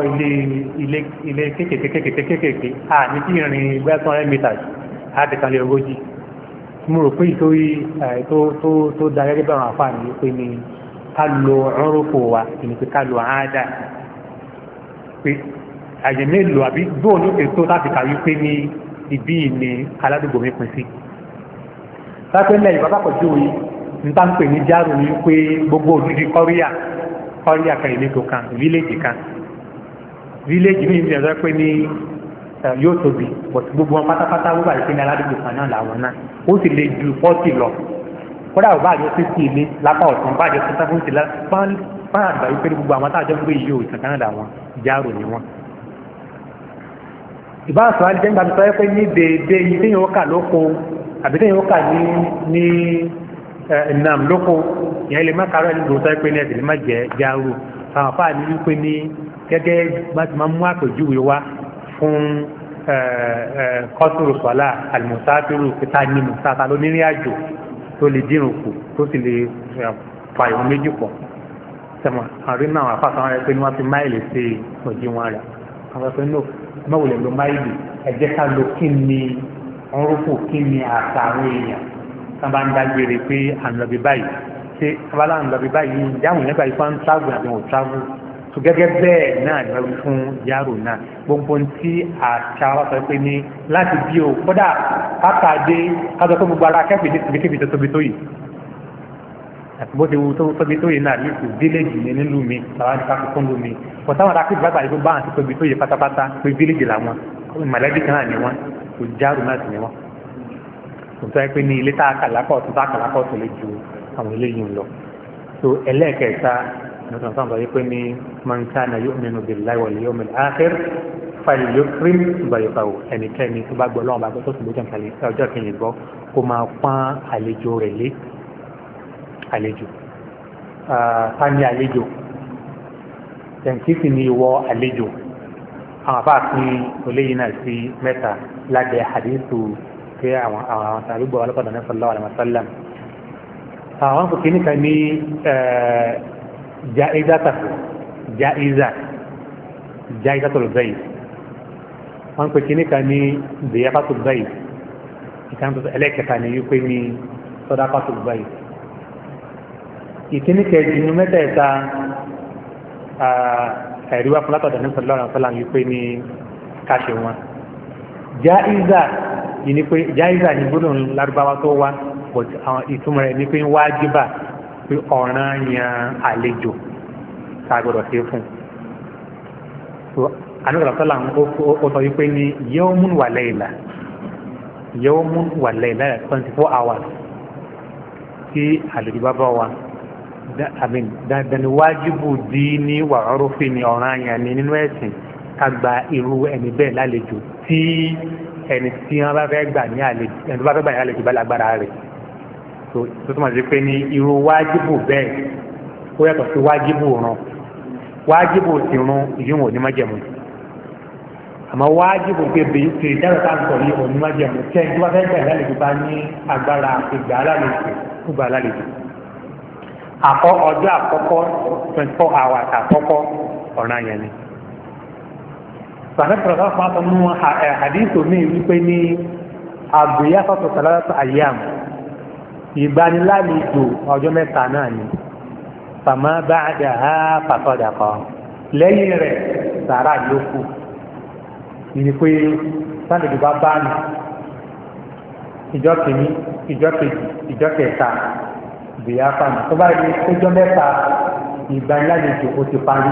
ilé kéèkéèkéèkéèkéèkéèkéèké à ní tí ìrìn gbẹ́sán rẹ̀ mítà láti kan lè ogójì mo rò pé ìtorí tó da gẹ́gẹ́ bẹ̀rẹ̀ àǹfààní pé ni ká lo ọ̀rọ̀pọ̀ wa ìnìpé ká lo àádá pé àyè mélòó àbí gbóòn ní ètò láti kàwé pé ní ni aládùúgbò mi pín sí. sáfẹ́ lẹ́yìn bàbá pọ̀ sí n bá ń pè ní járò ní pé gbogbo òdúdí kọ́ríà kọ́ríà kan ìletò kan fíléèjì kan fíléèjì ní ìlú ẹ̀rọ pé ní yóò tóbi but gbogbo wọn pátápátá wọ́n bá yìí pé ní aládùúgbò kan náà làwọn náà ó sì lè ju fọ́ọ̀tì lọ kódà ò bá àjọ fífi ilé lápá ọ̀tún bá àjọ fífi sáfún tìlá fún àgbà yìí pé gbogbo àwọn táàjọ ń gbé yìí ò ìtàn kan náà járò ní wọn. ìbáṣọ àjẹgbàmísọ yẹ pé ní déédéé nam lóko yẹn lè má karọ́ ẹni lóòótọ́ pé ní ẹ̀sìn lè má jẹ́ jaaru àwọn afáà ní wípé ní gẹ́gẹ́ bá ti máa mú àpèjúwe wá fún kọ́sùrù sọ́lá àlùmọ́sáfírù kíta ní mùsáta lónírìn àjò tó lè dírun kù tó sì lè fa ìwọ méjì pọ̀ sẹ́mu àárín náà àfáà kan rẹ pé ní wọ́n fi máìlì ṣe òjì wọn rẹ̀ àwọn pé no mẹ́wòlẹ̀ lo máìlì ẹ̀jẹ̀ ká lo kí ni ọ̀rùkù kí ni àṣà èèyàn tán bá ń dágbére pé à ń lọ bí báyìí ṣé abala ń lọ bí báyìí ìyáhùn nígbà yìí fún travel àti wọn travel tó gẹ́gẹ́ bẹ́ẹ̀ náà ni wọ́n wí fún yàrá náà gbogbo tí àṣà wa sọ pé ní láti bí o kódà kápàdé kájọ pé gbogbo ara kẹ́pì ní tìbíkìbì tó tóbi tó yìí àti bó ti wu tó tóbi tó yìí náà ní ìsìn fíléèjì ní nílùú mi làwọn àti kákòókò nílùú mi kò táwọn ará kìbí bàtà ìgbó bá àti tóbi tó yìí pátápátá pé fíléèjì làwọn mọ̀lẹ́bí kan náà ni wọ́n kò járù náà sì ni wọ́n tòótọ́ ẹ pé ní ilé tá a kà lápá ọ̀tún tá a kà lápá lè ju àwọn eléyìí lọ so ẹlẹ́ẹ̀kẹta nǹkan sáà sọ pé ní man kana yu'minu billahi wal yawmil akhir falyukrim bàyọ̀kàwò ẹnikẹ́ni tó bá gbọ́ lọ́wọ́ bá gbọ́ tó sì lójú àǹkàlẹ̀ ọjọ́ kìíní gbọ́ kó máa pọ́n àlejò rẹ̀ lé àlejò tani àlejò tẹ̀ǹkìtì ni ìwọ àlejò àwọn afáàfin olóyìn náà sí mẹ́ta lábẹ́ àdéhùn pé àwọn àwọn àrúgbọ̀ ọlọ́pàá náà sallallahu alaihi wasallam àwọn kòkè níka ní ja'iza tàfù ja'iza ja'iza tó lọ́zẹ́yì wọ́n kòkè níka ní ziyapa tó lọ́zẹ́yì ìkan tó ẹlẹ́kẹta ní yíkó ní sọ́dápa tó lọ́zẹ́yì ìkíní kẹjì ní mẹ́tẹ̀ẹ̀ta ẹ̀rí wá fún látọ̀dọ̀ ní sallallahu alaihi wasallam yíkó ní káṣe wọn ja'iza ìní pé jáìzà ní gbọ́dọ̀ lárúbáwá tó wá but ìtumọ̀ rẹ̀ ní pé wájibà pé ọ̀ràn yan àlejò tá a gbọ́dọ̀ ṣe fún un. anúgbàlá sọ́là ó sọ wípé ní yawmun wa layla yawmun wa layla twenty four hours tí àlejò bá bá wa dandan wájibu díìní wà ọ́rọ́fin ni ọ̀ràn yan ni nínú ẹ̀sìn ká gba irú ẹni bẹ́ẹ̀ lálejò tí ẹni tí wọ́n bá fẹ́ gbà ní àlejò ẹni tó bá fẹ́ gbà ní àlejò bá lágbára rẹ̀ tó túmọ̀ sí pé ní irú wájibù bẹ́ẹ̀ ó yàtọ̀ sí wájibù ràn wájibù ti run ìyún òní májẹ̀mú àmọ́ wájibù pé bèyí ti dára tá à ń sọ yìí òní májẹ̀mú tẹ́ ẹni tó bá fẹ́ gbà ní àlejò bá ní agbára ìgbà alálejò fúgbà alálejò àkọ́ ọjọ́ àkọ́kọ́ twenty four hours àkọ́kọ́ ọ̀ràn yẹn ni sànẹ́pẹ̀rẹ̀ kan fún àtọ́nú àdínkù mi wípé ní àbúyá fọ́tò sàlátà àyàm ìgbanilálejò ọjọ́ mẹ́ta náà ni fàmà bá àdàhà fàtọ́dà kan lẹ́yìn rẹ̀ sàrà yòókù ìní pé sànẹ́dù bá bá nù ìjọ kìíní ìjọ kejì ìjọ kẹta ìgbéyàwó fàmì tó bá rí ọjọ́ mẹ́ta ìgbanilálejò ó ti parí.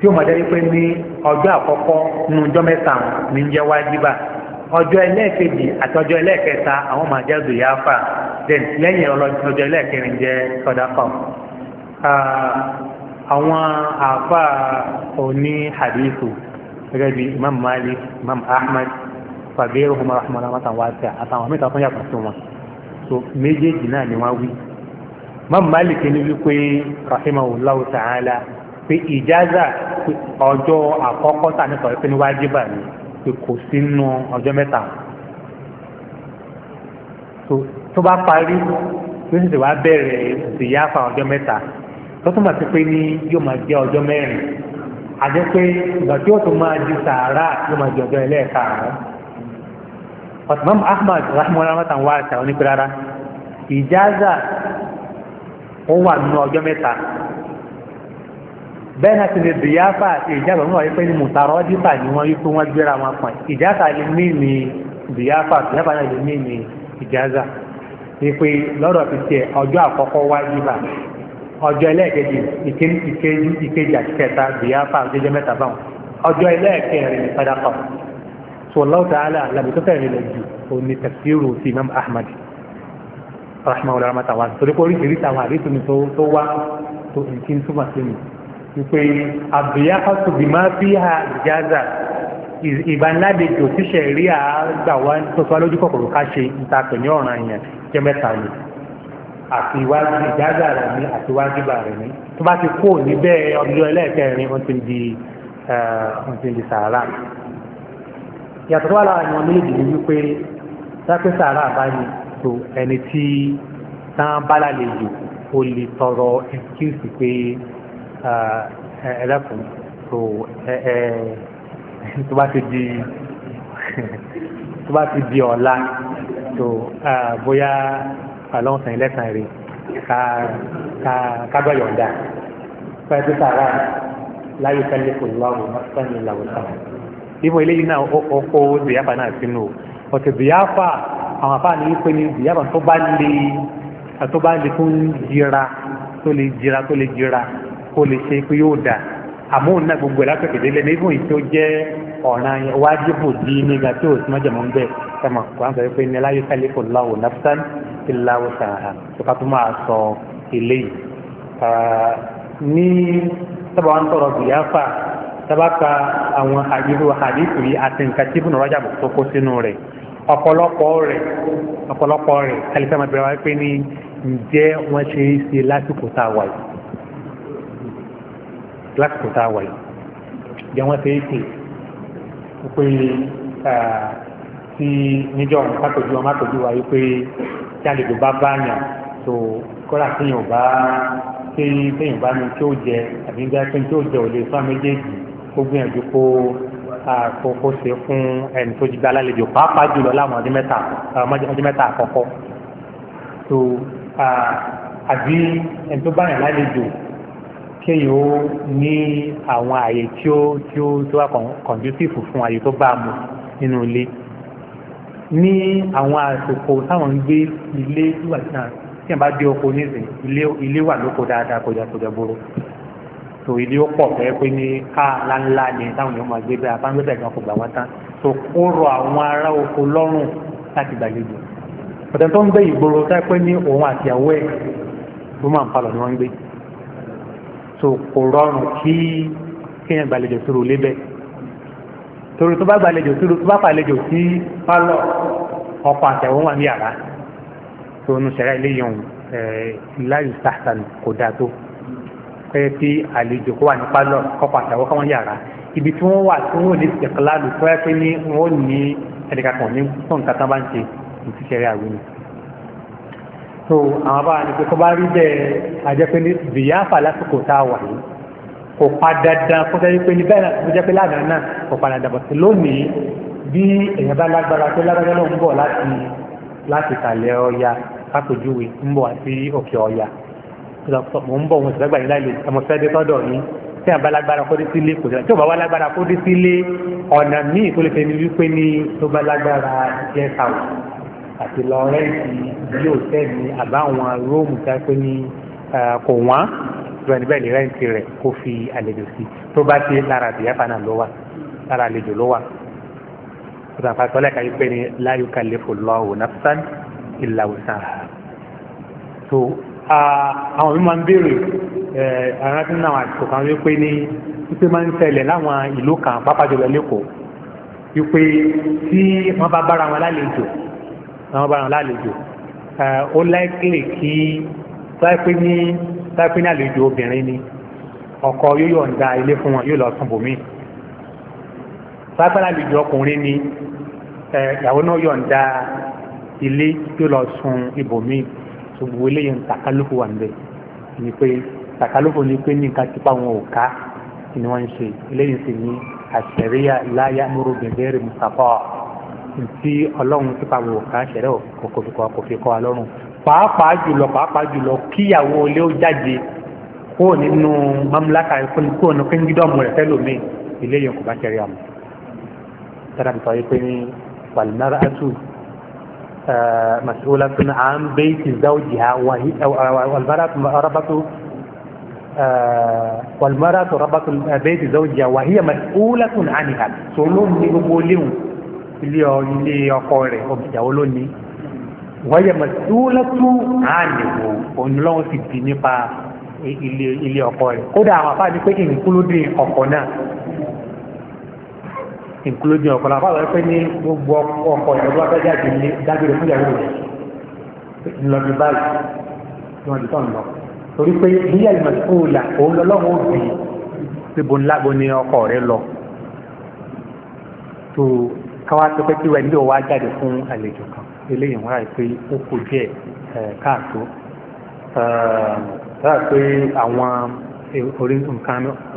tí ó mọ̀jẹ́ wípé ní ọjọ́ àkọ́kọ́ nínú ọjọ́ mẹ́ta ní jẹ́ wájibà ọjọ́ ẹlẹ́ẹ̀kejì àti ọjọ́ ẹlẹ́ẹ̀kẹta àwọn máa jẹ́ zòyáfà then lẹ́yìn ọjọ́ ẹlẹ́ẹ̀kẹrin jẹ́ sọdáfà àwọn àfà òní hadithu gẹ́gẹ́ bí imam malik imam Ahmed, fàgbéèrò fún rahman rahmatan wáṣíà àtàwọn mẹ́ta fún yàtọ̀ sí wọn so méjèèjì náà ni wọ́n wí imam malik ni wípé rahimahullahu ta'ala pé ìjáza ọjọ́ àkọ́kọ́ tà nípa pé ní wájibà ni pé kò sínú ọjọ́ mẹ́ta tó bá parí yóò sì wá bẹ̀rẹ̀ ìyáfa ọjọ́ mẹ́ta tó túmọ̀ sí pé ní yóò máa jẹ́ ọjọ́ mẹ́rin àti pé ìgbà tí ó tún máa di sàárà yóò máa di ọjọ́ ẹlẹ́ẹ̀ka àárọ̀ ọ̀tùmọ́mù Ahmad rahmanrahmatan wá àṣà onípe rárá ìjáza ó wà nínú ọjọ́ mẹ́ta bẹ́ẹ̀ náà ti lè dìyàfà ìjábọ̀ mọ́ ní mùtàrọ́ dípà ni wọ́n wípé wọ́n gbéra wọn pọ̀ ìjáfà lè mí ní dìyàfà dìyàfà náà lè mí ní ìjáza wípé lọ́dọ̀ fi tiẹ̀ ọjọ́ àkọ́kọ́ wá yíbà ọjọ́ ẹlẹ́ẹ̀kejì ìkejì àti kẹta ile jẹjẹ mẹ́ta báwọn ọjọ́ ẹlẹ́ẹ̀kẹrin ní ta'ala làbí tó ju òní tafsiru ti imam ahmad torí pé oríṣiríṣi àwọn àdéhùn tó wá tó túmọ̀ sí mi. wípé àbíyáfàtò bí máa bí ha ìjáza ìbániládejò tíṣẹ̀ rí àgbà wá tó tó alójú kòkòrò ká ṣe ìtakùn ní ọ̀ràn yẹn jẹ́ mẹ́ta ni àti ìwájú ìjáza rẹ̀ ní àti ìwájú bà rẹ̀ ní tó bá ti kó níbẹ̀ ọdún ẹlẹ́ẹ̀kẹrin wọ́n ti di wọ́n ti di sàárà yàtọ̀ tó wà lára àwọn méjì ni wípé sápẹ́ sàárà bá ní tó ẹni tí tán bá lálejò ó lè tọrọ excuse pé ẹ dákun tó ẹ tó bá ti di tó bá ti di ọ̀la tó bóyá àlọ́sàn ilẹ̀sàn rè ká ká ká gbọ́ yọ̀ǹda pẹ́ẹ́ tó sàrà láyé fẹ́lẹ́ kò lọ́wọ́ mọ́sánì làwùsàn ìmọ̀ eléyìí náà ó kó zìyàfà náà sínú ọ̀tẹ̀ zìyàfà àwọn afáàní yìí pé ní zìyàfà tó bá lè tó bá lè tó ń jira tó lè jira tó lè jira kó lè ṣe pé yóò dà àmọ́ òun náà gbogbo ẹ̀ látọ̀kẹ̀ délẹ̀ ní ibùn tí ó jẹ́ ọ̀ràn wájibù dí nígbà tí òsì mọ́jọ̀ mọ́ ń bẹ̀ sẹ́mọ̀ wọ́n sọ pé ní láyé kálífò láwò nafsan ti láwò sàrà tó ká tó máa sọ ilé yìí. ní sábà wọn tọrọ bìyàfà sábà ka àwọn àdìrú àdìsù yìí àti nǹkan tí ibùn rọ́jà bò tó kó sínú rẹ̀ ọ̀pọ̀lọpọ̀ rẹ̀ ọ̀pọ̀lọpọ̀ lásìkò tá a wà yìí bí wọ́n ṣe é pè pé tí níjọ́ ọ̀hún pàtòjú ọmọ àtòjú wa yìí pé tí àlejò bá bá yàn tó kọ́ra téèyàn bá ké téèyàn bá ní tí ó jẹ àbí nígbà pé tí ó jẹ ò lè fún àméjèèjì ó gbìyànjú kó àkókò ṣe fún ẹni tó jí gbá lálejò pàápàá jùlọ láwọn ọdún mẹ́ta àkọ́kọ́ tó àbí ẹni tó bá yàn lálejò kéyìn ó ní àwọn àyè tí ó tí ó tí wà kọ̀ǹdúsìfù fún àyè tó bá mu nínú ilé ní àwọn àsìkò táwọn ń gbé ilé nígbà tí wọn bá dé oko nísìn ilé ilé wà lóko dáadáa kọjá kọjá boro so ilé ó pọ̀ fẹ́ pé ní ká ńláńlá ni táwọn èèyàn máa gbé bẹ́ẹ̀ abáńgbẹ́sẹ̀ gan kò gbà wọ́n tán so ó rọ àwọn ará oko lọ́rùn láti gbàlejò ọ̀tẹ̀ tó ń gbé ìgboro táwọn pé ní òun àtìyàwó ẹ̀ ló máa ń palọ̀ ni wọ́n ń gbé so kò rọrùn kí kéèyàn gbàlejò sórí òlé bẹ́ẹ̀ torí tó bá gbàlejò sórí tó bá gbàlejò sí pálọ̀ ọkọ̀ àtẹ̀wọ́n wà ní yàrá tó nu sẹ̀rẹ̀ ilé yẹn láyù sàtàn kò dáa tó pé tí àlejò kó wà ní pálọ̀ ọkọ̀ àtẹ̀wọ́n káwọn yàrá ibi tí wọ́n wà tí wọ́n lè ṣèkọlá lù tó yẹ pé ní wọ́n ní ẹ̀dẹ̀kàkàn ní fún nǹkan tán bá ń ṣe ìtúṣẹ́rẹ́ àwìn ni so àwọn bá ní pé tó bá rí bẹ́ẹ̀ àjẹpẹ́ ní bìyàfà lásìkò tá a wà yìí kò pa dandan kó jẹ́ pé ní bẹ́ẹ̀ náà kó jẹ́ pé lánàá náà kò pa dandan bọ̀ sí lónìí bí èèyàn bá lágbára tó lágbára náà ń bọ̀ láti láti kàlẹ́ ọya kápẹ́júwe ń bọ̀ àti òkè ọya mo ń bọ̀ wọn sì lágbàá yín láìlè ọmọ fẹ́ dé tọ́dọ̀ yín tí àbá lágbára kó dé sílé kò sí tí ò wá lágbára kó dé sílé ọ̀nà míì tó lè fẹ́ mi wípé ní tó bá lágbára jẹ́ sáwọn àti lọ rẹ́ǹtì ilé òtẹ́ẹ̀lì ní àbáwọn róòmù tápé ní kò wọ́n tó ẹni bẹ́ẹ̀ lè rẹ́ǹtì rẹ̀ kó fi àlejò sí tó bá ti lára àbíyáfà náà ló wà lára àlejò ló wà. ọ̀sán pàṣẹ ọlẹ́ka yìí pé ní la yukallifullahu nafsan illa wus'aha. tó àwọn mi máa ń béèrè àwọn tí náà àtìkò kan wípé ní wípé máa ń tẹ̀lẹ̀ láwọn ìlú kan pápájọ lọ lẹ́kọ̀ọ́ wípé tí wọ́n bá bára wọn lálejò àwọn bára lálejò ó láìpẹ́ kí táìpé ní táìpé ní àlejò obìnrin ni ọkọ yóò yọ̀ǹda ilé fún wọn yóò lọ sùn bòmí táìpé lálejò ọkùnrin ni ìyàwó náà yọ̀ǹda ilé yóò lọ sùn ibòmí ṣùgbọ́n eléyìí ń tàkálùkù wà níbẹ̀ ni pé tàkálùkù ni pé ní tipa wọn ò ká ni wọ́n ń ṣe eléyìí sì ní àṣẹríyà láyà múrò bẹ̀bẹ̀rẹ̀ mùsàkọ́ tí ọlọ́run tó pa wò ká ṣẹ̀rẹ̀ kò fi kọ́ wa lọ́rùn pàápàá jùlọ pàápàá jùlọ kíyàwó ilé ó jáde kúrò nínú mamlaka kúrò nínú kíngídọ́ọ̀mù rẹ̀ fẹ́lòmí ilé yẹn kò bá ṣẹ̀rẹ̀ àmọ́ tẹ́lá mi sọ yìí pé ní wàlúmọ́rá àtúù مسؤولة عن بيت زوجها وهي والمرأة ربة والمرأة ربة بيت زوجها وهي مسؤولة عنها سلوم لأقولهم ilé ilé ọkọ rẹ̀ ìyàwó lónìí wáyé mọ̀túlọ́tún àánìwò onílọ́wọ́ sì di nípa ilé ọkọ rẹ̀ kódà àwọn afá ní pé ìnkúlódì ọkọ náà ìnkúlódì ọkọ náà afá lọ pé ní gbogbo ọkọ ìjọba fẹ́ jáde ní dágbére fún ìyàwó rẹ̀ ńlọbi báyìí ní wọn ti tọ̀ lọ torí pé ìyá ìmọ̀túlà òun lọ́wọ́ òbí pé bo ńlá bo ni ọkọ rẹ̀ lọ káwá tó pé kí wẹ́ndé wá jáde fún àlejò kan eléyìí wọ́n rà pé ó kò díẹ̀ káàtó rà pé àwọn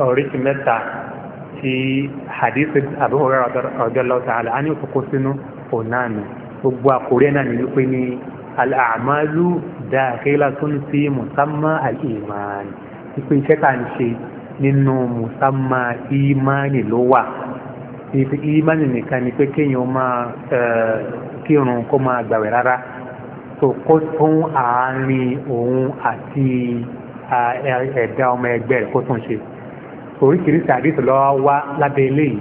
oríṣi mẹ́ta tí hadith Abu Hurairah radiyallahu ta'ala á ní òkókó sínú òun náà ni gbogbo àkórí ẹ̀ náà ni wípé ní al'amalu dakhilatun fi musamma al-iman ìpè iṣẹ́ tá à ń ṣe nínú musamma ìmánì ló wà ìfi ìmánì nìkan ni pé kéèyàn máa kírun kó máa gbàwẹ̀ rárá tó kó tún àárín òun àti ẹ̀dá ọmọ ẹgbẹ́ rẹ̀ kó tún ṣe oríṣiríṣi àdéhùn lọ́wọ́ wá lábẹ́ eléyìí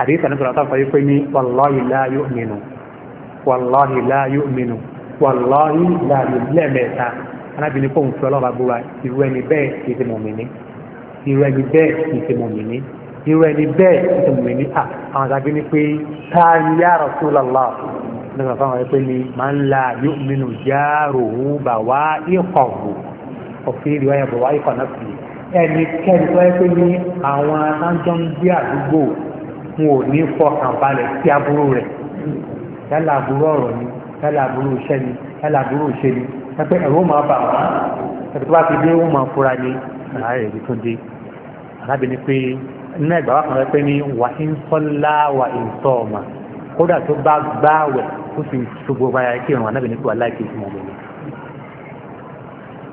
àdéhùn àdéhùn àtàwọn sọ wípé ní wallahi la yu'minu wallahi la yu'minu wallahi la lẹ́ẹ̀mẹ́ta arábìnrin kò ń fi búra irú ẹni bẹ́ẹ̀ kì í ẹni bẹ́ẹ̀ kì irú ẹni bẹ́ẹ̀ tó mú ní à ah, àwọn àgbàgbé ni pé ta ni ya Rasulullah ní bàbá wọn pé ni man la yu'minu jaruhu bawa'iqahu òfin ìrìwá yẹn bawa'iqa náà fi ẹnikẹ́ni tó yẹ pé ní àwọn adájọ́ ń gbé àdúgbò wọn ò ní fọkàn balẹ̀ sí aburú rẹ̀ yálà aburú ọ̀rọ̀ ni yálà aburú iṣẹ́ ni yálà aburú iṣẹ́ ni ẹgbẹ́ ẹ̀rọ máa bà wá ẹgbẹ́ tó bá ti dé ó máa fura ni àárẹ̀ ibi tó dé arábìnrin pé N'a ẹgbàá wà kan pé ní wà ń sọ́lá wà ń sọ ọ̀mà kódà tó bá gbáwẹ̀ tó fi ṣogbo báyà kí ìrùn anábìnrin kí wà láìpẹ́ ìfún ọmọ mi.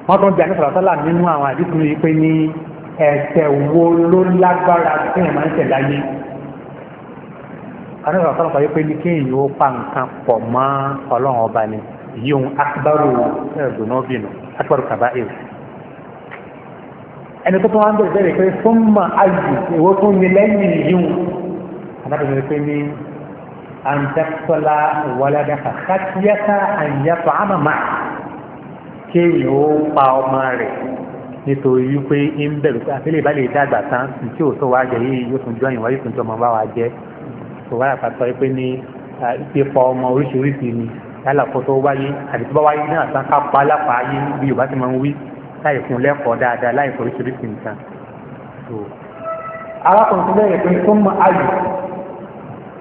wọ́n tún bí anísọ̀rọ̀ sọ́lá nínú àwọn àdínkù yìí pé ní wo ló lágbára anísọ̀rọ̀ sọ́lá sọ pé ní kí ó pa nǹkan pọ̀ mọ́ ọlọ́run ọba ni yíyún akíbárò ẹni tó tó wá ń bẹ̀rẹ̀ bẹ̀rẹ̀ pé fún mà áyù ìwọ tó ní lẹ́yìn yìí alábẹ̀rẹ̀ pé ní àǹtẹ́kọ́lá wàládàkà kákíyàká àyàtọ̀ àmàmà kéèyàn ó pa ọmọ rẹ̀ nítorí wípé ń bẹ̀rù pé àfẹ́lẹ́ ìbá lè dàgbà tán tí ò tó wá jẹ yìí yóò tún jọyìn wáyé tún jọmọ bá wa jẹ tó wáyà pàtó pé ní ìpèpọ̀ ọmọ oríṣiríṣi ni yálà kó tó wáyé àti tó bá wáyé náà tán ká pa lápá yé bí Yorùbá ti máa ń wí láì fún lẹ́kọ̀ọ́ dáadáa láì fún oríṣiríṣi nǹkan. arákùnrin tó bẹ̀rẹ̀ pé tó mọ ayù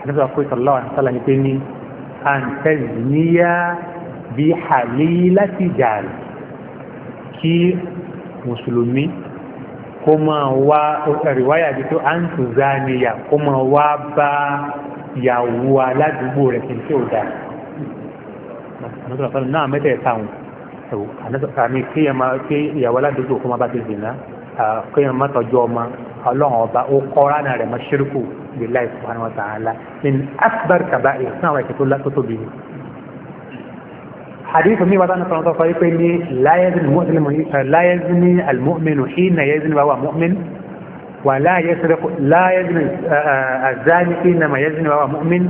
nígbà pé sọlá wà sọlá ni pé ní àǹtẹ̀zìníyà bí hàlí láti jàre kí mùsùlùmí kó máa wá rìwáyà bí tó àǹtùzáníyà kó máa wá bá ìyàwó aládùúgbò rẹ̀ kí n tí ò náà mẹ́tẹ̀ẹ̀ta wọn. ẹ̀wò àmì kéèyàn máa ké ìyàwó aládùúgbò kó má bá ti dìnnà kéèyàn má tọ́jú ọmọ ọlọ́run ọba ó kọ́ ránà rẹ̀ mọ́ ṣírùkù billahi subhanahu wa ta'ala min akbar kaba'ir fún àwọn ìṣẹ̀tọ́ tó tóbi ni. حديث مي وضعنا في نظر طريق إني لا يزن المؤمن لا يزني المؤمن حين يزن وهو مؤمن ولا يسرق لا يزن الزاني حينما يزن وهو مؤمن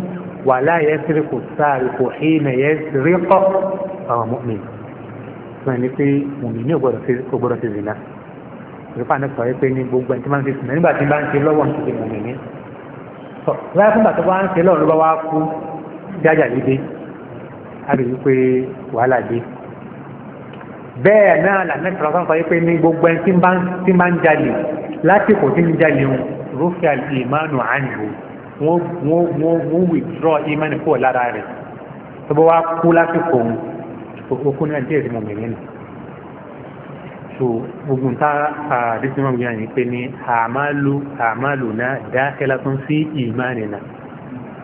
ولا يسرق السارق حين يسرق وهو مؤمن fún ẹ ni pé mùmí ní ògbọ́dọ̀ ti zìnà ìrúfà náà sọ pé ní gbogbo ẹni tí máa ń ti zìnà nígbà tí bá ń ṣe lọ́wọ́ ń ṣe mùmí ní. láyé fúngbà tó bá ń ṣe lọ́wọ́ ló bá wá kú jájà lédè á rí i pé wàhálà dé. bẹ́ẹ̀ náà làmẹ́ sọ̀rọ̀ fún ọ pé ní gbogbo ẹni tí máa ń jalè lásìkò tí ń jalè ń rúfẹ́ ìmánu àǹjò wọ́n withdraw ìmánu kúrò lára rẹ̀ tó bá wá kú lásìkò okú náà díẹ̀ sí mọ̀mí nínú so gbogbo nta àdísí mọ̀mí náà ní pé ní àmàlù àmàlù náà dákẹ́lá tó ń sí ìmánì náà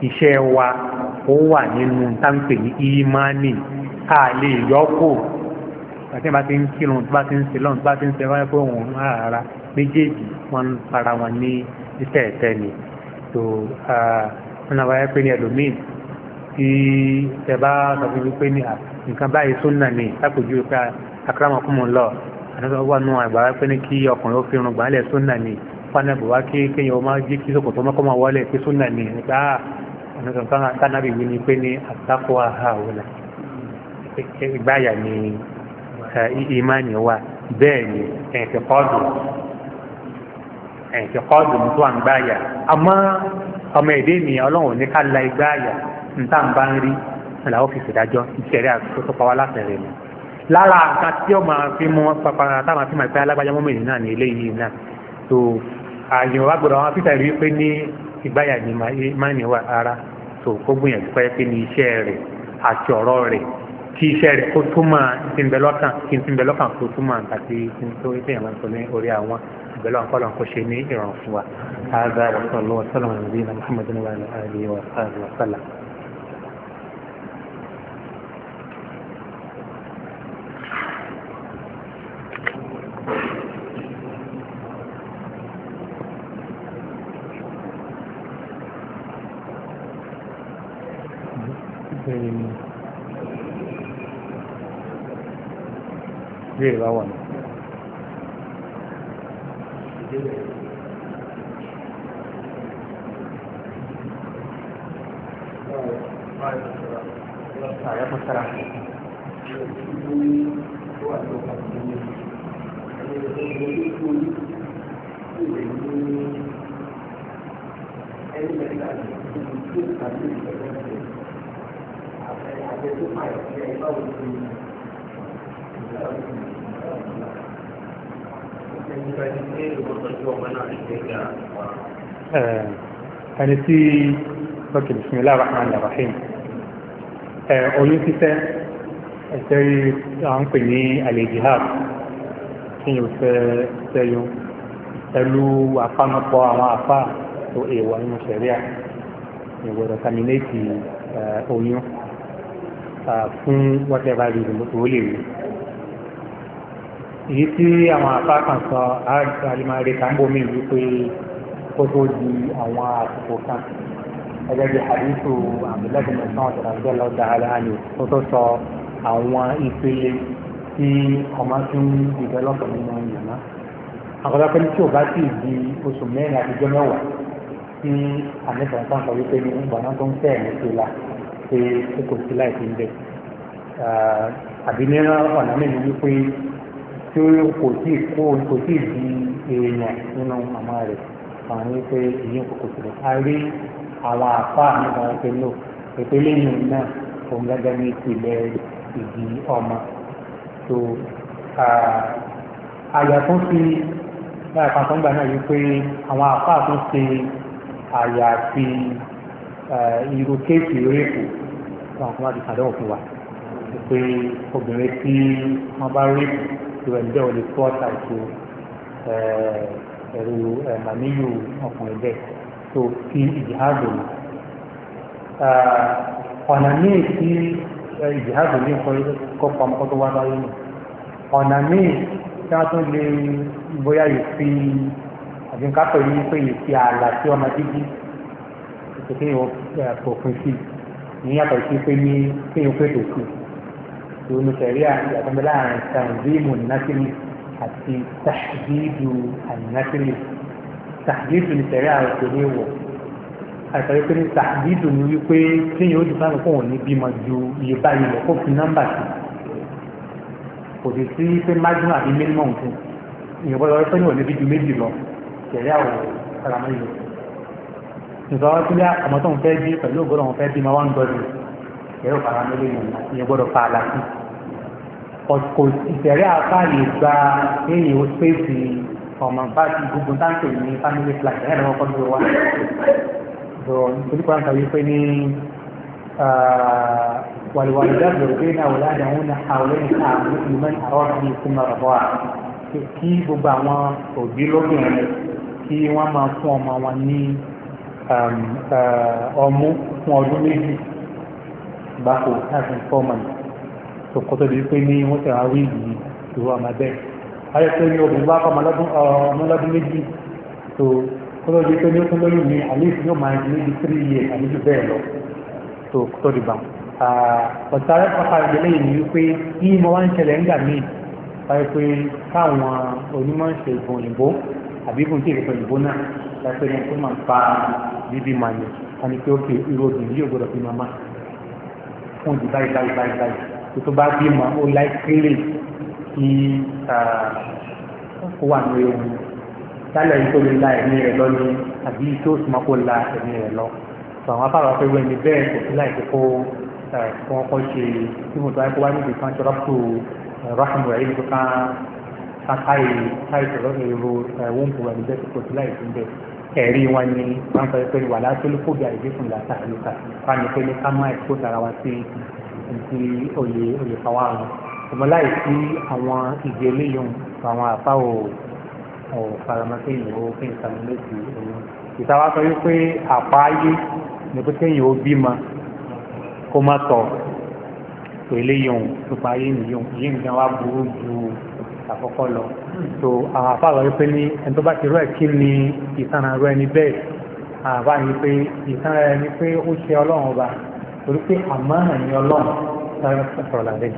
iṣẹ́ wa ó wà nínú táǹpẹ̀ ní ìmánì ká lè yọ́kù àti bá ti ń kírun bá ti ń ṣe lọ́n bá ti ń ṣe wáyé pé rárá méjèèjì wọ́n ń para wọn ní iṣẹ́ ẹ̀tẹ́ ni so wọ́n náà wáyé pé ní ẹlòmíì tí ẹ bá sọ fún mi pé ní àti nǹkan báyìí súnà ni lápòjú pé akramakumullah àtàwọn nù àgbàrá pé ní kí ọkùnrin ó fi irun gbàálẹ̀ súnà ni fanabu wá kí kéèyàn ó máa jí kí sòkòtò mọ́kọ́ máa wọlé pé súnà ni nípa àtàwọn kánábì wí ni pé ní àtàkọ àhà òun ìgbáyà ni ìmánì wa bẹ́ẹ̀ ni ẹ̀ǹtẹ̀ kọ́ọ̀dù ẹ̀ǹtẹ̀ kọ́ọ̀dù tó à ń gbáyà àmọ́ ọmọ èdè ènìyàn ọlọ́run ní ká la igbáyà ń tà ń bá ń rí làwọn fi ṣèdájọ́ ìṣẹ̀rí àtúntòpá wa láti rẹ̀ mi. lára àga tí ó máa fi mú papara táwọn fi máa pẹ́ alágbájá mọ́mọ́ èyí náà ní eléyìí náà tó àyàn wa gbọ́dọ̀ àwọn fífẹ́ rí pé ní ìgbáyà ni máa ní wà rárá tó kó gbìyànjú pé pé ní iṣẹ́ rẹ̀ àti ọ̀rọ̀ rẹ̀ kí iṣẹ́ rẹ̀ kó túmọ̀ ìtìǹbẹ̀lọ́kàn kí ìtìǹbẹ̀lọ́kàn kó túmọ̀ àti ìtìǹbẹ̀lọ́kàn بلان قلن قشيني إيران فوا هذا وصلى الله وسلم على نبينا محمد وعلى آله وصحبه وسلم Vê lá, olha. Ah, é pra caralho. Eh, ẹni tí lọ́kì bismillah rahman rahim eh, oyún títẹ́ ẹ̀sẹ̀ rí à ń pè ní al-jihad tí yóò fẹ́ sẹ́yọ pẹ̀lú àpamọ́pọ̀ àwọn àfà tó èèwọ̀ nínú sẹ̀ríà ìwọ̀dọ̀ kàmínéètì eh, oyún ah, fún whatever reason tó lè rí èyí tí àwọn àfà kan sọ alimari kambomi wípé kó tó di àwọn àsìkò kan gẹ́gẹ́ bí hadithu abdullahi bin mas'ud radiyallahu ta'ala anhu tó tó sọ àwọn ìpele tí ọmọ tí ń dìbẹ́lọ́pọ̀ nínú ìyànná àkọ́dápẹ́ tí ò bá sì di oṣù mẹ́rin àtijọ́ mẹ́wàá tí àníkàn kan sọ wípé ní ìgbàna tó ń fẹ́ ẹ̀mí tó la pé ó kò sí láì fi ń bẹ̀ àbí ní ọ̀nà mẹ́rin wípé tí kò tí kò kò tí di èèyàn nínú màmá rẹ̀ àwọn wípé èyí kò kò sílẹ̀ a rí àwọn àpá nígbà wípé náà ìpínlẹ̀ yìí náà òun gẹ́gẹ́ ní ìpìlẹ̀ ìdí ọmọ so àyà tó ń fi báyà kan tó ń gbà náà yìí pé àwọn àfáà tó ń ṣe àyà àti irú kéèkì réèkù wọn kò má di sàdánwò fún wa pé obìnrin tí wọn bá réèkù ìwẹ̀ ń bẹ́ẹ̀ ò lè fọ́ ẹ̀rù màníyù ọkùnrin bẹ́ẹ̀ tó fi ìjìhádùn ọ̀nà míì tí ìjìhádùn ní kọ́pọ̀ ọmọkọ́ tó wá láyé nù ọ̀nà míì tí wọ́n tún lè bóyá yìí fi àbí nǹkan pẹ̀lú pé yìí fi ààlà sí ọmọ dídí ìpèké òfin eh, sí ní yàtọ̀ sí pé ní kéèyàn pètò sí ìrònú sẹ̀ríà ìyàtọ̀mẹ́ láàrin tanzimu nasiri àti tahdidu anasiri tahdidu ni sẹ̀ríà òkèlè wọ̀ àìsàn wípé ní tàbídù ní wípé tíyìn ó dùkán fún òní bímọ ju iye báyìí lọ kó fi nọ́mbà sí kò sì sí pé májúmọ àbí mínímọ̀ nǹkan ìyẹn bọ́lá wípé ní òní bí ju méjì lọ tẹ̀lé àwọn ọ̀ràmọ́ ìlú nǹkan wá sílé ọmọ tó ń fẹ́ bí pẹ̀lú ògbọ́dọ̀ wọn fẹ́ bímọ wọn gbọ́dọ̀ ẹ̀rọ paramẹ́lẹ́ ìyẹn gbọ́dọ̀ pa àlàkù kò ìtẹ̀rẹ́ apá lè tó nítorí pàǹkà wípé ní wàlúwàlúdáàbò pé ní àwọn aláàdáwò ní àwọn ẹ̀ka àwọn ìmọ̀ni àwọn ọ̀gbìn ìsinmi ọ̀rọ̀ wa kí gbogbo àwọn òbí lóbìnrin kí wọ́n máa fún ọmọ wọn ní ọmú fún ọdún méjì báko láti fọ́ọ̀mù tó kọ́tọ́ di pé ní wọ́n tẹ̀wá wíìgì ìwọ ọmọ bẹ́ẹ̀ ayẹ́pẹ́ ní obìnrin bá kọ́ ọmọlọ́dún méjì tó kótó di pé ní ó tún lóyún ní àlífù yóò máa ní bí tírí yẹ àlífù bẹ́ẹ̀ lọ tó kótó di bá ọ̀tá pápá ìdílé yìí ni wípé yìí mo wá ń ṣẹlẹ̀ ńgbà míì wáyé pé káwọn onímọ̀ ìṣègùn òyìnbó àbí ìbùn tí ìrẹsẹ̀ òyìnbó náà láti ní tó máa ń fa bíbí máa ní wọn ni pé ó fi irú obìnrin yóò gbọdọ̀ fi máa má fún ìdí báyìí báyìí báyìí báyìí tó bá bí sálẹ̀ yìí tó lè la ẹ̀mí rẹ̀ lọ ni àbí tó sì máa kó la ẹ̀mí rẹ̀ lọ tó àwọn afárá pé wọ́n ẹni bẹ́ẹ̀ kò sí láì fi kó kó kọ́ ṣe tí mo tọ́ ẹ kó wá níbi kan ṣọ́rọ́ tó rahmu rẹ̀ yìí tó ká ká káyì káyì tọ̀rọ̀ èrò wọ́npù ẹni bẹ́ẹ̀ kò sí láì fi bẹ́ẹ̀ ẹ̀rí wọn ni wọ́n sọ pé wàhálà tó ló kóbi àìdí fún ìlàtà àlùkà fani pé ọ̀rọ̀ faramọ́tẹ́ ìyẹn ó fi nǹkan méjì òun ìtawá sọ wípé àpá ayé ni pé kéèyàn ó bímọ kó má tọ̀ pé eléyìí nípa ayé nìyí òun yìí nǹkan burú ju àkọ́kọ́ lọ so àwọn afáàlọ́ wípé ní ẹni tó bá ti rú ẹ̀ kí ni ìtàn àrú ẹni bẹ́ẹ̀ àwọn afáà ní pé ìtàn ẹni pé ó ṣe ọlọ́run ọba torí pé àmánà ni ọlọ́run sọ̀rọ̀ làdé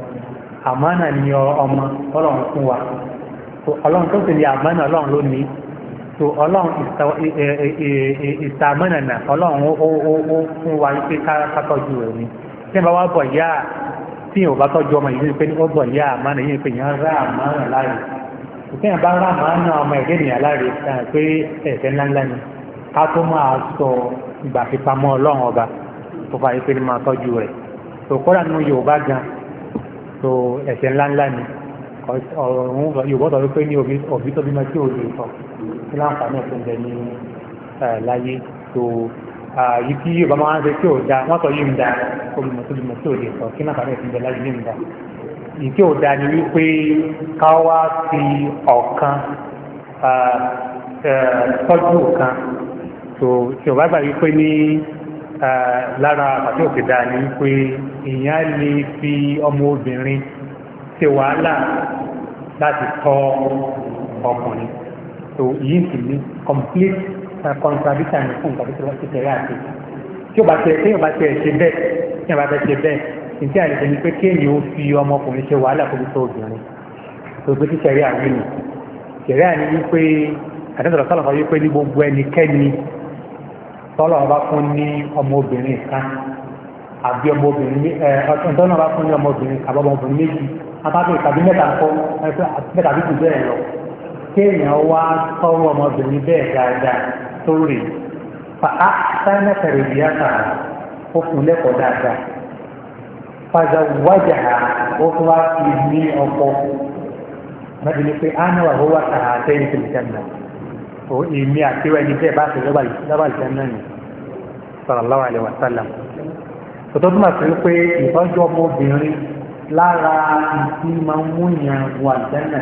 àmánà ni ọmọ ọlọ́run fún wa so ọlọ́run tó ń tẹ̀lé àmánà ọlọ́run ló ní ọlọ́run ìsàmánànà ọlọ́run ó fún wa pé ká rẹ̀ ni tí ìbá wa bọ̀ yá tí ìwọ̀n bá tọ́jú ọmọ yìí pé ó bọ̀ yá àmánà yìí pé yẹn rá àmánà láre òkè yẹn bá rá àmánà ọmọ ẹ̀dẹ́ ènìyàn láre pé ẹ̀fẹ́ ńláńlá ni ká tó máa sọ ìgbà fipamọ́ ọlọ́run ọba tó fà yìí pé ní máa tọ́jú rẹ̀ so kọ́ra ọ̀rọ̀ òun yóò sọ ní òbí tó bímọ tí ò lè sọ kí láǹfààní ẹ̀sìn bẹ ní láyé tó yìí tí yóò bá máa ń ṣe tí ò da wọ́n sọ yìí ń da olùmọ̀ tó bímọ tí ò lè sọ kí láǹfààní ẹ̀sìn bẹ láyé ní ń da yìí tí ò da ni wípé ká wá ọ̀kan tọ́jú kan tí ò bá gbà wípé ní lára àti òkè dáa ni wípé ìyá lè fi ọmọ obìnrin ṣe wàhálà láti tọ́ ọkùnrin tó yìí sì ní complete uh, contradiction fún nǹkan tó ti tẹ̀lé àti tí o bá tẹ̀ tí o bá tẹ̀ ṣe bẹ́ẹ̀ tí o bá tẹ̀ ṣe bẹ́ẹ̀ nítí àlejò ni pé kéèyàn ó fi ọmọkùnrin ṣe wàhálà kó fi tó obìnrin tó gbé sí ṣẹ̀rí àwọn ènìyàn ṣẹ̀rí àní wípé àdéhùn sọ̀rọ̀ kan wípé ní gbogbo ẹnikẹ́ni tọ́lọ̀ ọba fún ní ọmọbìnrin kan àbí ọmọbìnrin eh, ọ̀tọ̀ náà bá fún ní ọmọbìnrin àbọ̀mọbìnrin méjì abájọ ìtàbí mẹ́ta kọ́ mẹ́ta bí kù bẹ́ẹ̀ lọ kéèyàn wá sọ́wọ́ ọmọbìnrin bẹ́ẹ̀ dáadáa tó rè fàá sáyẹn tẹ̀rẹ̀ ìdí àtà ó fún lẹ́kọ̀ọ́ dáadáa fàjà wájà ó tún wá fi ní ọkọ mẹ́ta ni pé ánà wà ó wà sàrà àtẹ́yìn tó lè jẹun náà ó èmi àti ẹni bẹ́ẹ̀ bá ti lọ́bàlì jẹun náà ni sallallahu alaihi wasallam tòtò tó lára ìdí máa ń múyàn wà jẹ́nà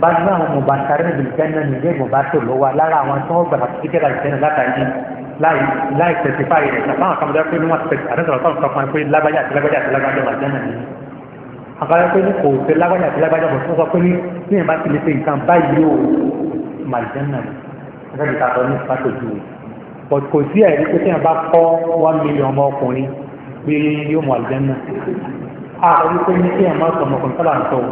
bájú àwọn ọmọọba sáré níbi jẹ́nà ní ilé ìmọ̀ba tó lọ́wọ́ lára àwọn tí wọ́n gbàgbà sí jẹ́nà jẹ́nà látàrí láì tẹ̀sífàì rẹ̀ sàfáwọn kan bẹ́ẹ̀ pé ní wọ́n ti tẹ̀sí àdéhùn ọ̀tọ̀ kan pé lágbájá àti lágbájá àti lágbájá wà jẹ́nà ní. àkàrà pé ní kò fẹ́ lágbájá àti lágbájá bọ̀ tó sọ pé ní ní ìbá ti lè fi nǹkan báyìí one million ọmọ ọkùnrin pé yóò mọ̀ àlùjẹ́ ààrẹ pé ní kí ẹ̀mọ́ sọmọ kan sọ́là ń tọ́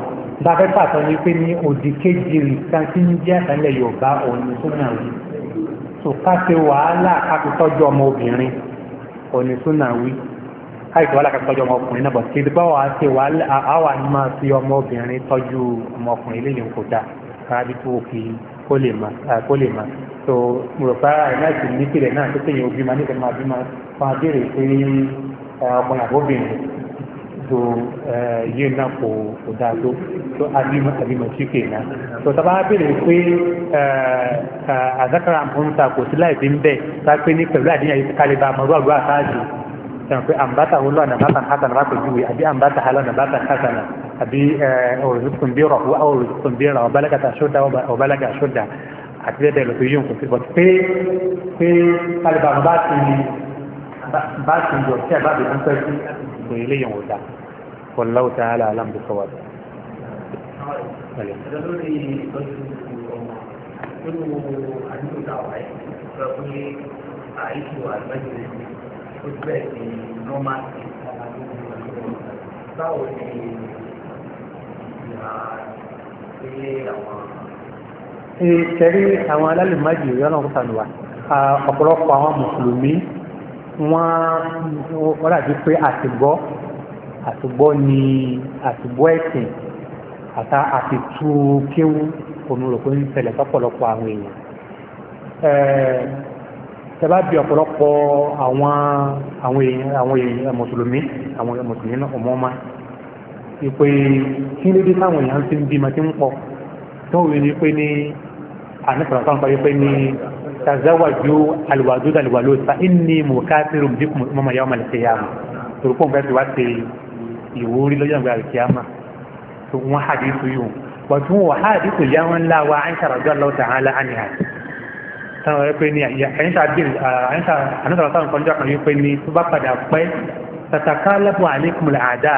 bá fẹ́ pàtó ní pé ní òdì kejì rì kan tí ń jẹ́ àtàlẹ̀ yorùbá òní súnà wí tó ká ṣe wàhálà ká fi tọ́jú ọmọ obìnrin òní súnà wí ká ṣe wàhálà ká tọ́jú ọmọ ọkùnrin náà bọ̀ kí ibi báwa ṣe wàhálà àwa ni máa fi ọmọ obìnrin tọ́jú ọmọ ọkùnrin lè yẹn kó dà káàbí tó fi kó lè mà tó mo rò pé ara rẹ̀ láti ní kílẹ̀ náà tó tẹ̀yìn obìnrin to yin nan ko da to to alima alima ke na to ta ba bere pé a zakara mun ta ko tilai din be ta pé ni pẹ̀lú adiyan yi kale ba maru alu asaji tan pé ambata ulo na bata hasan ba ko juwi abi ambata hala na bata hasana abi rizqun bi rahu aw rizqun bi rahu balaka ta shudda wa balaka shudda àti bẹ́ẹ̀ bẹ́ẹ̀ lọ tó yí nǹkan síbọ̀ pé pé kálíbà bá ti bá ti yọ̀ sí àbábẹ́ nípa sí ìgbòyè léyìn ọ̀dà. والله تعالى أعلم بالصواب báwo ni ìhà ilé àwọn. ìtẹ̀rí àwọn alálùmájì yọ́nà kúta nù wá ọ̀pọ̀lọpọ̀ àwọn mùsùlùmí wọ́n wọ́n dàbí pé àtìgbọ́ àtìgbọ́ ni àtìgbọ́ ẹ̀sìn àtà àtìtú kéwú onúròkó ń ṣẹlẹ̀ sọ́pọ̀lọpọ̀ àwọn èèyàn tẹ́bá bí ọ̀pọ̀lọpọ̀ àwọn àwọn èèyàn mùsùlùmí àwọn mùsùlùmí náà ọmọ ọmọ ìpè kí ló dé táwọn èèyàn ti ń bímọ tí ń pọ̀ tó wí ni pé ní àníkùnrin kan parí pé ní tazawaju alwadud alwalud fa inni mukafirun bikum umma yawm alqiyamah torúkọ̀ nǹkan ti wá ti ìwórí lọ́jọ́ ìgbà àlùkìyàmà tó wọ́n hadithu yìí wọ́n tún wọ́n hadithu yà wọ́n ńlá wa àyíṣà rọ̀jọ́ lọ́wọ́ ta'ala àníhà táwọn rẹ̀ pé ní àyíṣà bíl àyíṣà àníṣàrọ̀ sáwọn kọjọ́ kan yìí pé ní tó bá padà pẹ́ tàtàkà lẹ́bù àlékùn àdá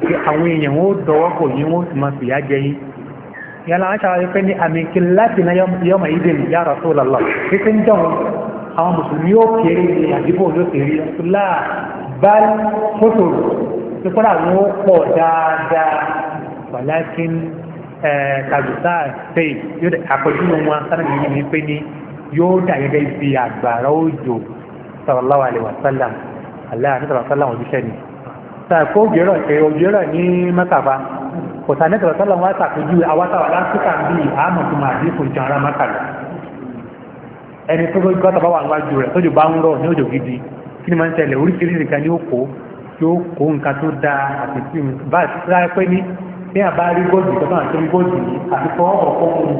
pé àwọn èèyàn ó dọwọ́ kò yín wọ́n sì máa fìyà jẹ yín yàrá àyíṣà rẹ̀ pé ní àmì kìláàtì náà yọmọ ìdè ń dọ̀wọ́ àwọn mùsùlùmí ó kéré ní àdìbò ló kéré láà bá fótó tó kọ́ra àwọn pọ̀ dáadáa wàlákin kàdùsá ṣe yóò dé àpèjúwe wọn sábàbí yìí ni pé ní yóò dà gẹ́gẹ́ bí àgbàrá òjò sallallahu alaihi wasallam aláàánú sallallahu alaihi ojúṣẹ́ ni sàkó òjòrò òjòrò ní mẹ́kàfà kòtà ní sallallahu alaihi wọn sàpèjúwe awátàwà lásìkò àbí àmọ̀ tó máa dín fún ìjànra mẹ́kàlá ẹni tó gbọ́tà bá wà níwájú rẹ̀ tójú bá ń rọ̀ ní òjò gidi kí ni máa yóò kó nǹkan tó dáa àti tí mi bá ti rá pé ní bí a bá rí góòdù tó náà tó rí góòdù yìí àti kọ́ ọ̀kọ́ mu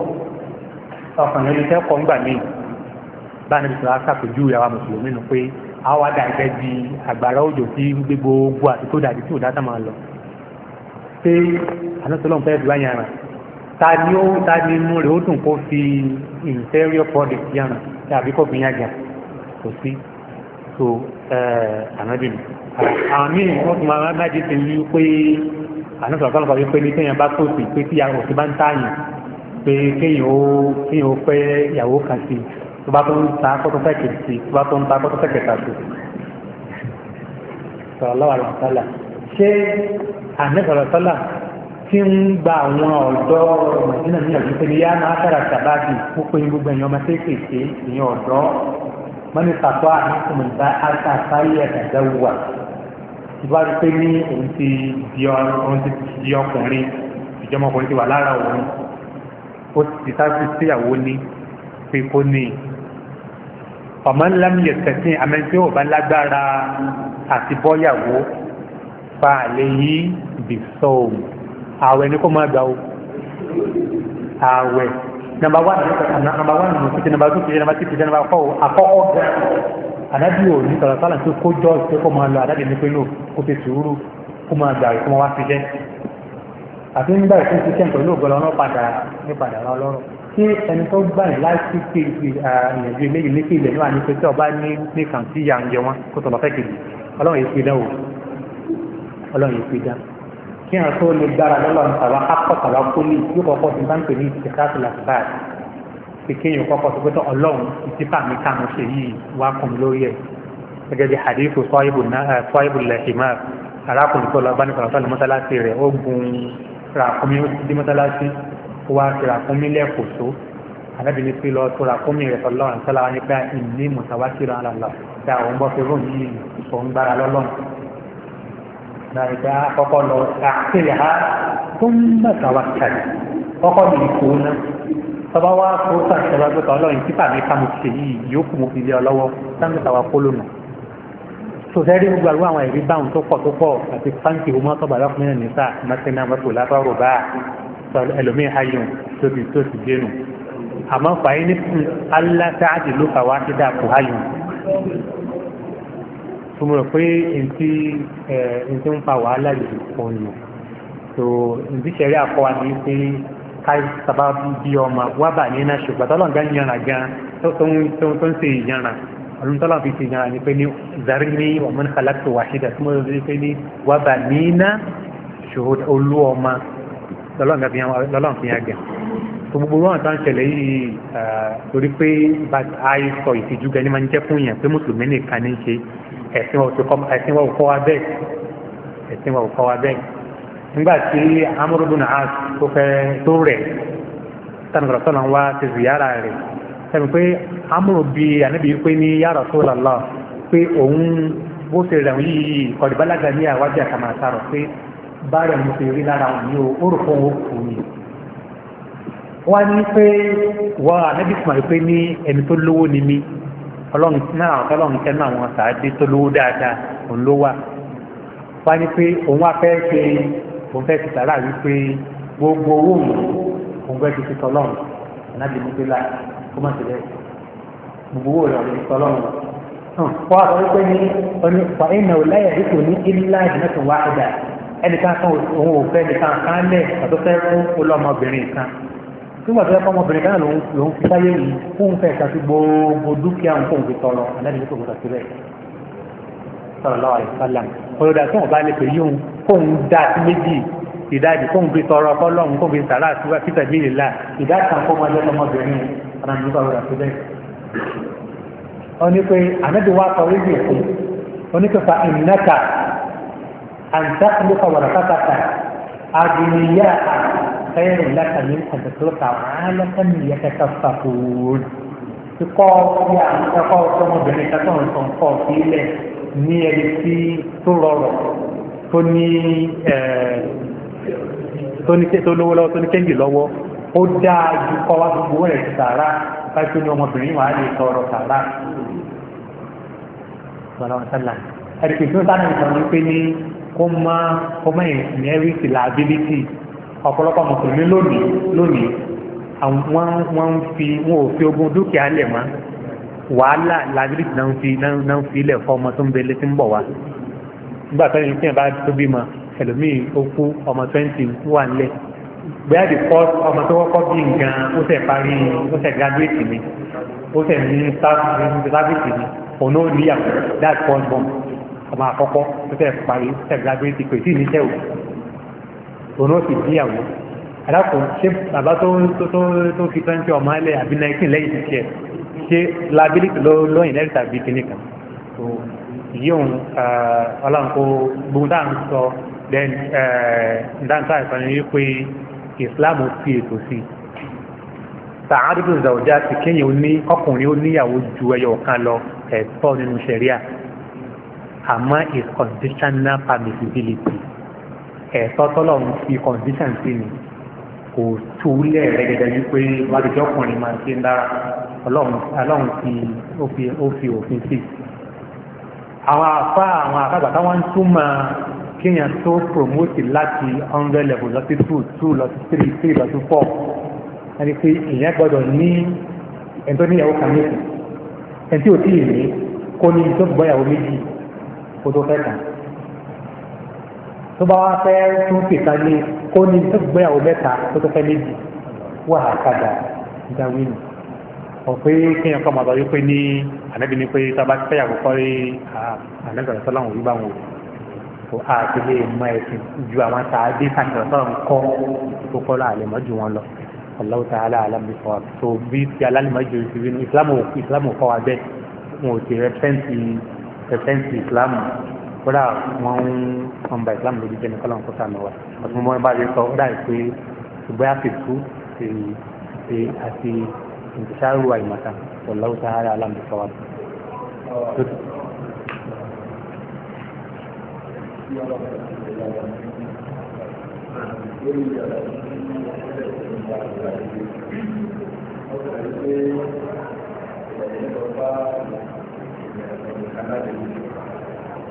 ọkàn yẹn tẹ́ kọ́ ńgbà míì bá a níbi sọ̀rọ̀ aṣàpèjú ìyàwó mùsùlùmí nù pé a wá dà gẹ́gẹ́ bí àgbàrá òjò tí ń gbé gbogbo àti tó dàbí tí ò dá sáma lọ pé anátọ́lọ́n fẹ́ẹ́ fi wá yàrá ta ni ó ta ni inú rẹ̀ ó dùn kó fi inferior product yàrá tàbí kó fi yàgà kò sí so ẹ̀ẹ́d àwọn míì wọ́n tún máa májè ti wí pé ànáṣọ ọ̀gọ́lọ́pàá wí pé ní kéèyàn bá tòsí pé tí àwọn òsì bá ń tààyàn pé kéèyàn ó kéèyàn ó fẹ́ ìyàwó kan sí tó bá tó ń ta kọ́tọ́ fẹ́kẹ̀ sí tó bá tó ń ta kọ́tọ́ fẹ́kẹ̀ ta sí. sọ̀rọ̀lọ́wà lọ́sọ́là ṣé ànáṣọ lọ́sọ́là ti ń gba àwọn ọ̀dọ́ màdínà níyànjú ní ọ̀dọ́ ìbá rí pé ní òun ti di ọkùnrin ìjọmọkùnrin ti wà lára òun ó ti sáfi síyàwó ní pé kó ní ọmọ ńlá mi yẹ tẹ̀sí amẹ́ńtí ò bá lágbára àti bọ́yàwó fa àlè yìí bì sọ́ọ̀m àwẹ̀ ni kó máa gbà ó àwẹ̀ nàmbà wà nù nàmbà wà nù kìtì nàmbà tó kìtì nàmbà tó kìtì nàmbà kọ́ àkọ́kọ́ gan ànábì ò ní sọ̀rọ̀ sálà tó kó jọ́ ìpé kó máa lọ àdábì ní pé lò kó fi sùúrù kó máa gbà ìfún wa fi jẹ́ àti nígbà ìfún ti kẹ́ǹtọ̀ ní ògbọ́n lọ́nà padà ní padà lọ lọ́rọ̀ tí ẹni tó gbà ní láti fi ìyànjú eléyìí ní kí ilẹ̀ náà ní pé tí ọba ní ní kàn sí ìyà ń jẹ wọn kó tọ̀lọ̀ fẹ́ kejì ọlọ́run yìí fi dán o ọlọ́run yìí fi dán kí àwọn tó lè dára lọ́lọ́run tàbá akọ́ tàbá kólé yóò kọ́kọ́ ti bá ń pè ní ìtìkáàtì làkàtà pé kéèyàn kọ́kọ́ sọ pé tọ́ ọlọ́run ìtìpá mi ká mo ṣe yìí wá kùn lórí ẹ̀ gẹ́gẹ́ bí hadithu sọ́ọ́yìbù lẹ́hìmá arákùnrin tó lọ bá ní sọ̀rọ̀tọ́ ní rẹ̀ ó gun ràkúnmí ó ti dé mọ́sálásí ó wá ti ràkúnmí lẹ́kọ̀ọ́ tó anábìnrin sí lọ tó ràkúnmí rẹ̀ sọ lọ́rùn sọ́lá nípa ìní mùsàwákìrọ̀ àlàlà tí àwọn bọ́ fi rún yìí òun gbára lọ́lọ́run nàìjà ah, kọ́kọ́ lọ ah, tọba wa kó sàn ìṣẹ̀lẹ̀ ọgbẹ́ta ọlọ́run títà mi ká mo ṣe yìí yóò kù mo fi lé ọ lọ́wọ́ sáńgbẹ́ta wa kó lónà sọ̀tẹ́rì gbogbo àwọn àwọn ìrí báwọn tó pọ̀ tó pọ̀ àti fáǹkì ọmọ tó bàbá fún ẹ̀yìn níta mẹ́tẹ́nà mẹ́tò lábárò bá ẹlòmíín ayùn tóbi tó ti dénú àmọ́ fàáyé ní fún aláṣáájì ló fà wá sí dàpọ̀ ayùn tó mọ̀ pé ntí ntí ń fa wàhálà yìí pọ̀ nù tó ntí sẹ́rí àkọ́wá ní pé káì sábà bí ọmọ wá bà ní náà ṣùgbọ́n tọ́lọ̀ gan yànrà gan tó ń ṣe ìyànrà ọdún tọ́lọ̀ fi ṣe ìyànrà ní pé ní zarini ọmọdé kàlákì wàṣídà tó mọ̀ ní pé ní wá bà ní náà ṣòro olú ọmọ lọ́lọ́n fi yàn gan tó gbogbo wọn tó ń ṣẹlẹ̀ yìí torí pé àìsọ ìtìjú gan ni máa ń jẹ́ fún yàn pé mùsùlùmí nìkan ní ṣe ẹ̀sìn wa ò kọ́ wa bẹ́ẹ̀ nígbà tí amúrú bùnà á tó fẹ́ tó rẹ̀ tánàkùrọ̀ sọ́nà wá ti ziyara rẹ̀ sẹ́mi pé amúrú bí ànábì pé ní ya Rasulullah pé òun bó ṣe rẹ̀ yìí kọ̀dìbálága ní àwájú àkàmàṣà rọ̀ pé bá rẹ̀ mo ṣe rí lára òun ní o fún òun kù ni. wọ́n á ní pé wọ́n ànábì sùnmọ̀ pé ní ẹni tó lówó ni mí ọlọ́run náà ọlọ́run tẹ́ náà wọn sàádé tó lówó dáadáa òun ló wà wọ́n á ní pé òun wá fẹ́ ṣe òun fẹ́ ti sàrà wípé gbogbo owó mi òun fẹ́ ti fi tọ́lọ́run ànábì ní pélà kó má ti rẹ̀ gbogbo owó rẹ̀ ọ̀rẹ́ ti tọ́lọ́run wọ́n àtọ́ wípé ní ọ̀nì ìpàdé ọ̀láyà dípò ní ilá ìdílẹ́tọ̀ wá ẹ̀dà ẹnìkan kan òun ò fẹ́ nìkan kan lẹ̀ àti fẹ́ fún olómọbìnrin kan nígbà tó yẹ kọ́ ọmọbìnrin kan lòun fi sáyé yìí fún fẹ́ ìtàkì gbogbo dúkìá òun fóun fi tọrọ ànábì ní kò gbọdọ̀ sílẹ̀ sallallahu alaihi wasallam olùdá tó wọn bá lè pè yíhun kóun dá sí méjì ìdájì kóun fi tọrọ fọlọ́run kóun fi sàrà àtúwà fìtà bíi là ìdá kan kó máa lọ́mọ obìnrin ọ̀nà nípa olùdá tó bẹ́ẹ̀. wọ́n ní pé ànábì wa sọ wíwì èkó wọ́n ní pé fa ìnáka àǹtákùnlùkọ̀ wọ̀rọ̀ pátákà àdùnnìyà خير لك من أن تترك عالة يتكففون تقاطع تقاطع بنتكون تنقاطع إليه ní ẹni tí tó rọrọ̀ tó ní tó lówó lọ́wọ́ tó ní kéńdì lọ́wọ́ ó dáa ju kọ́ wá gbogbo rẹ̀ sàárà báyìí tó ní ọmọbìnrin wàá lè tọrọ sàárà ẹ̀rìkì tó sáà náà sọ̀rọ̀ pé ní kó má kó má ìnẹ́rìsì làbílítì ọ̀pọ̀lọpọ̀ mùsùlùmí lónìí lónìí àwọn wọn fi wọn ò fi ogún dúkìá lẹ̀ mọ́ wàhálà làbíríkì náà ń fi náà ń fi ilẹ̀ fọ́ ọmọ tó ń bẹ létí ń bọ̀ wá nígbà tó ní kíyàn bá tó bímọ ẹlòmíì ó kú ọmọ twenty wà nílẹ̀ bóyá the first ọmọ tó kọ́kọ́ bí nǹkan ó ṣe parí ó ṣe graduate mi ó ṣe ní sáfìsì mi òun ó níyàwó that first born ọmọ àkọ́kọ́ ó ṣe parí ó ṣe graduate kò tí ì níṣẹ́ o òun ó sì níyàwó alákòó ṣé bàbá tó fi twenty ọmọ ẹlẹ́ àbí nineteen lẹ́yìn ti ṣe ṣe liability ló lóyìn lẹ́rìí tàbí kíní kan so yíyóun ọlọ́run kó gbogbo dáa sọ then dáńtà ìsọ̀rọ̀ yìí pé Islam fi ètò sí tààdùdù zàwùjá ti kéyìn oní ọkùnrin oníyàwó ju ẹyọ kan lọ ẹ̀tọ́ nínú ṣẹ̀ríà àmọ́ is conditional permissibility ẹ̀tọ́ tọ́lọ́run fi condition sí ni kò tú lẹ̀ rẹ́gẹ́dẹ́ wípé wájújọ́ ọkùnrin máa ṣe ń dára ọlọ́run ti ó fi òfin sí. àwọn afá àwọn àkàgbà táwọn ń túmọ̀ kéèyàn tó promote láti hundred level lọ sí two two lọ sí three three lọ sí four ẹni pé èèyàn gbọ́dọ̀ ní ẹni tó níyàwó kan méjì ẹni tí ò tí ì ní kó ní ìjọba ìyàwó méjì kó tó fẹ́ kàn tó bá wá fẹ́ tún fìkà lé kó ní tó gbéyàwó mẹ́ta tó tó fẹ́ méjì wà á kàdà ìdáwé nù ọ̀pẹ́ kí ẹ̀kọ́ màbá yóò pé ní ànábì ní pé tá a bá fẹ́ yàgò kọ́ rí ànágbàrá sọ́lá òun yíbá wọn o a ti lè mọ ẹ̀sìn ju àwọn tàbí sàkìrọ̀ sọ́lá ń kọ́ tó kọ́ láàlẹ́ mọ́ ju wọn lọ Allahu ta'ala alámi fọ́ tó bí ti alálìmọ́ ju ti rí nu ìsìlámù kọ́ wa bẹ́ẹ̀ wọn ò ti rẹ́pẹ́ǹtì kódà wọn ń wọn ba islam lójú jẹ́ ní kọ́lọ́n kó sàmì wa wọ́n mọ́ ẹ bá lè sọ kódà pé ṣùgbọ́n àfẹ́kù ṣe àti ìṣàrò àìmọ̀ta wallahu ta'ala a'lam bis-sawab. Thank you.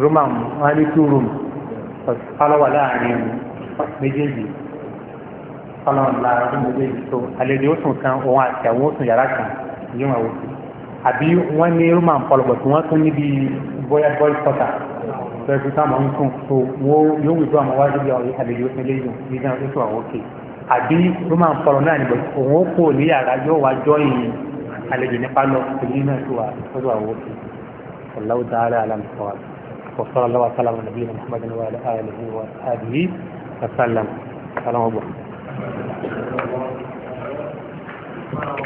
roman wọn ní two room ọlọ́wà láàrin méjèèjì ọlọ́wà láàrin méjèèjì tó àlejò ó sùn kan òun àti àwọn ó sùn yàrá kan yóò máa wò sí àbí wọ́n ní roman pọlọpọ̀ tí wọ́n tún níbi bóyá boy quarter bẹ́ẹ̀ tó sáà máa ń sùn tó wọ́n yóò wùdó àwọn wájú bí àlejò ó sùn léyìn nígbà tó sùn àwọn òkè àbí roman pọlọ náà níbẹ̀ òun ó kó ní yàrá yóò wá jọ́yìn àlejò nípa lọ èyí náà tó wà tó wà òkè ọ̀làwùdá alẹ́ àlámùsọ̀wá. وصلى الله وسلم على نبينا محمد وعلى آله وأصحابه وسلم السلام عليكم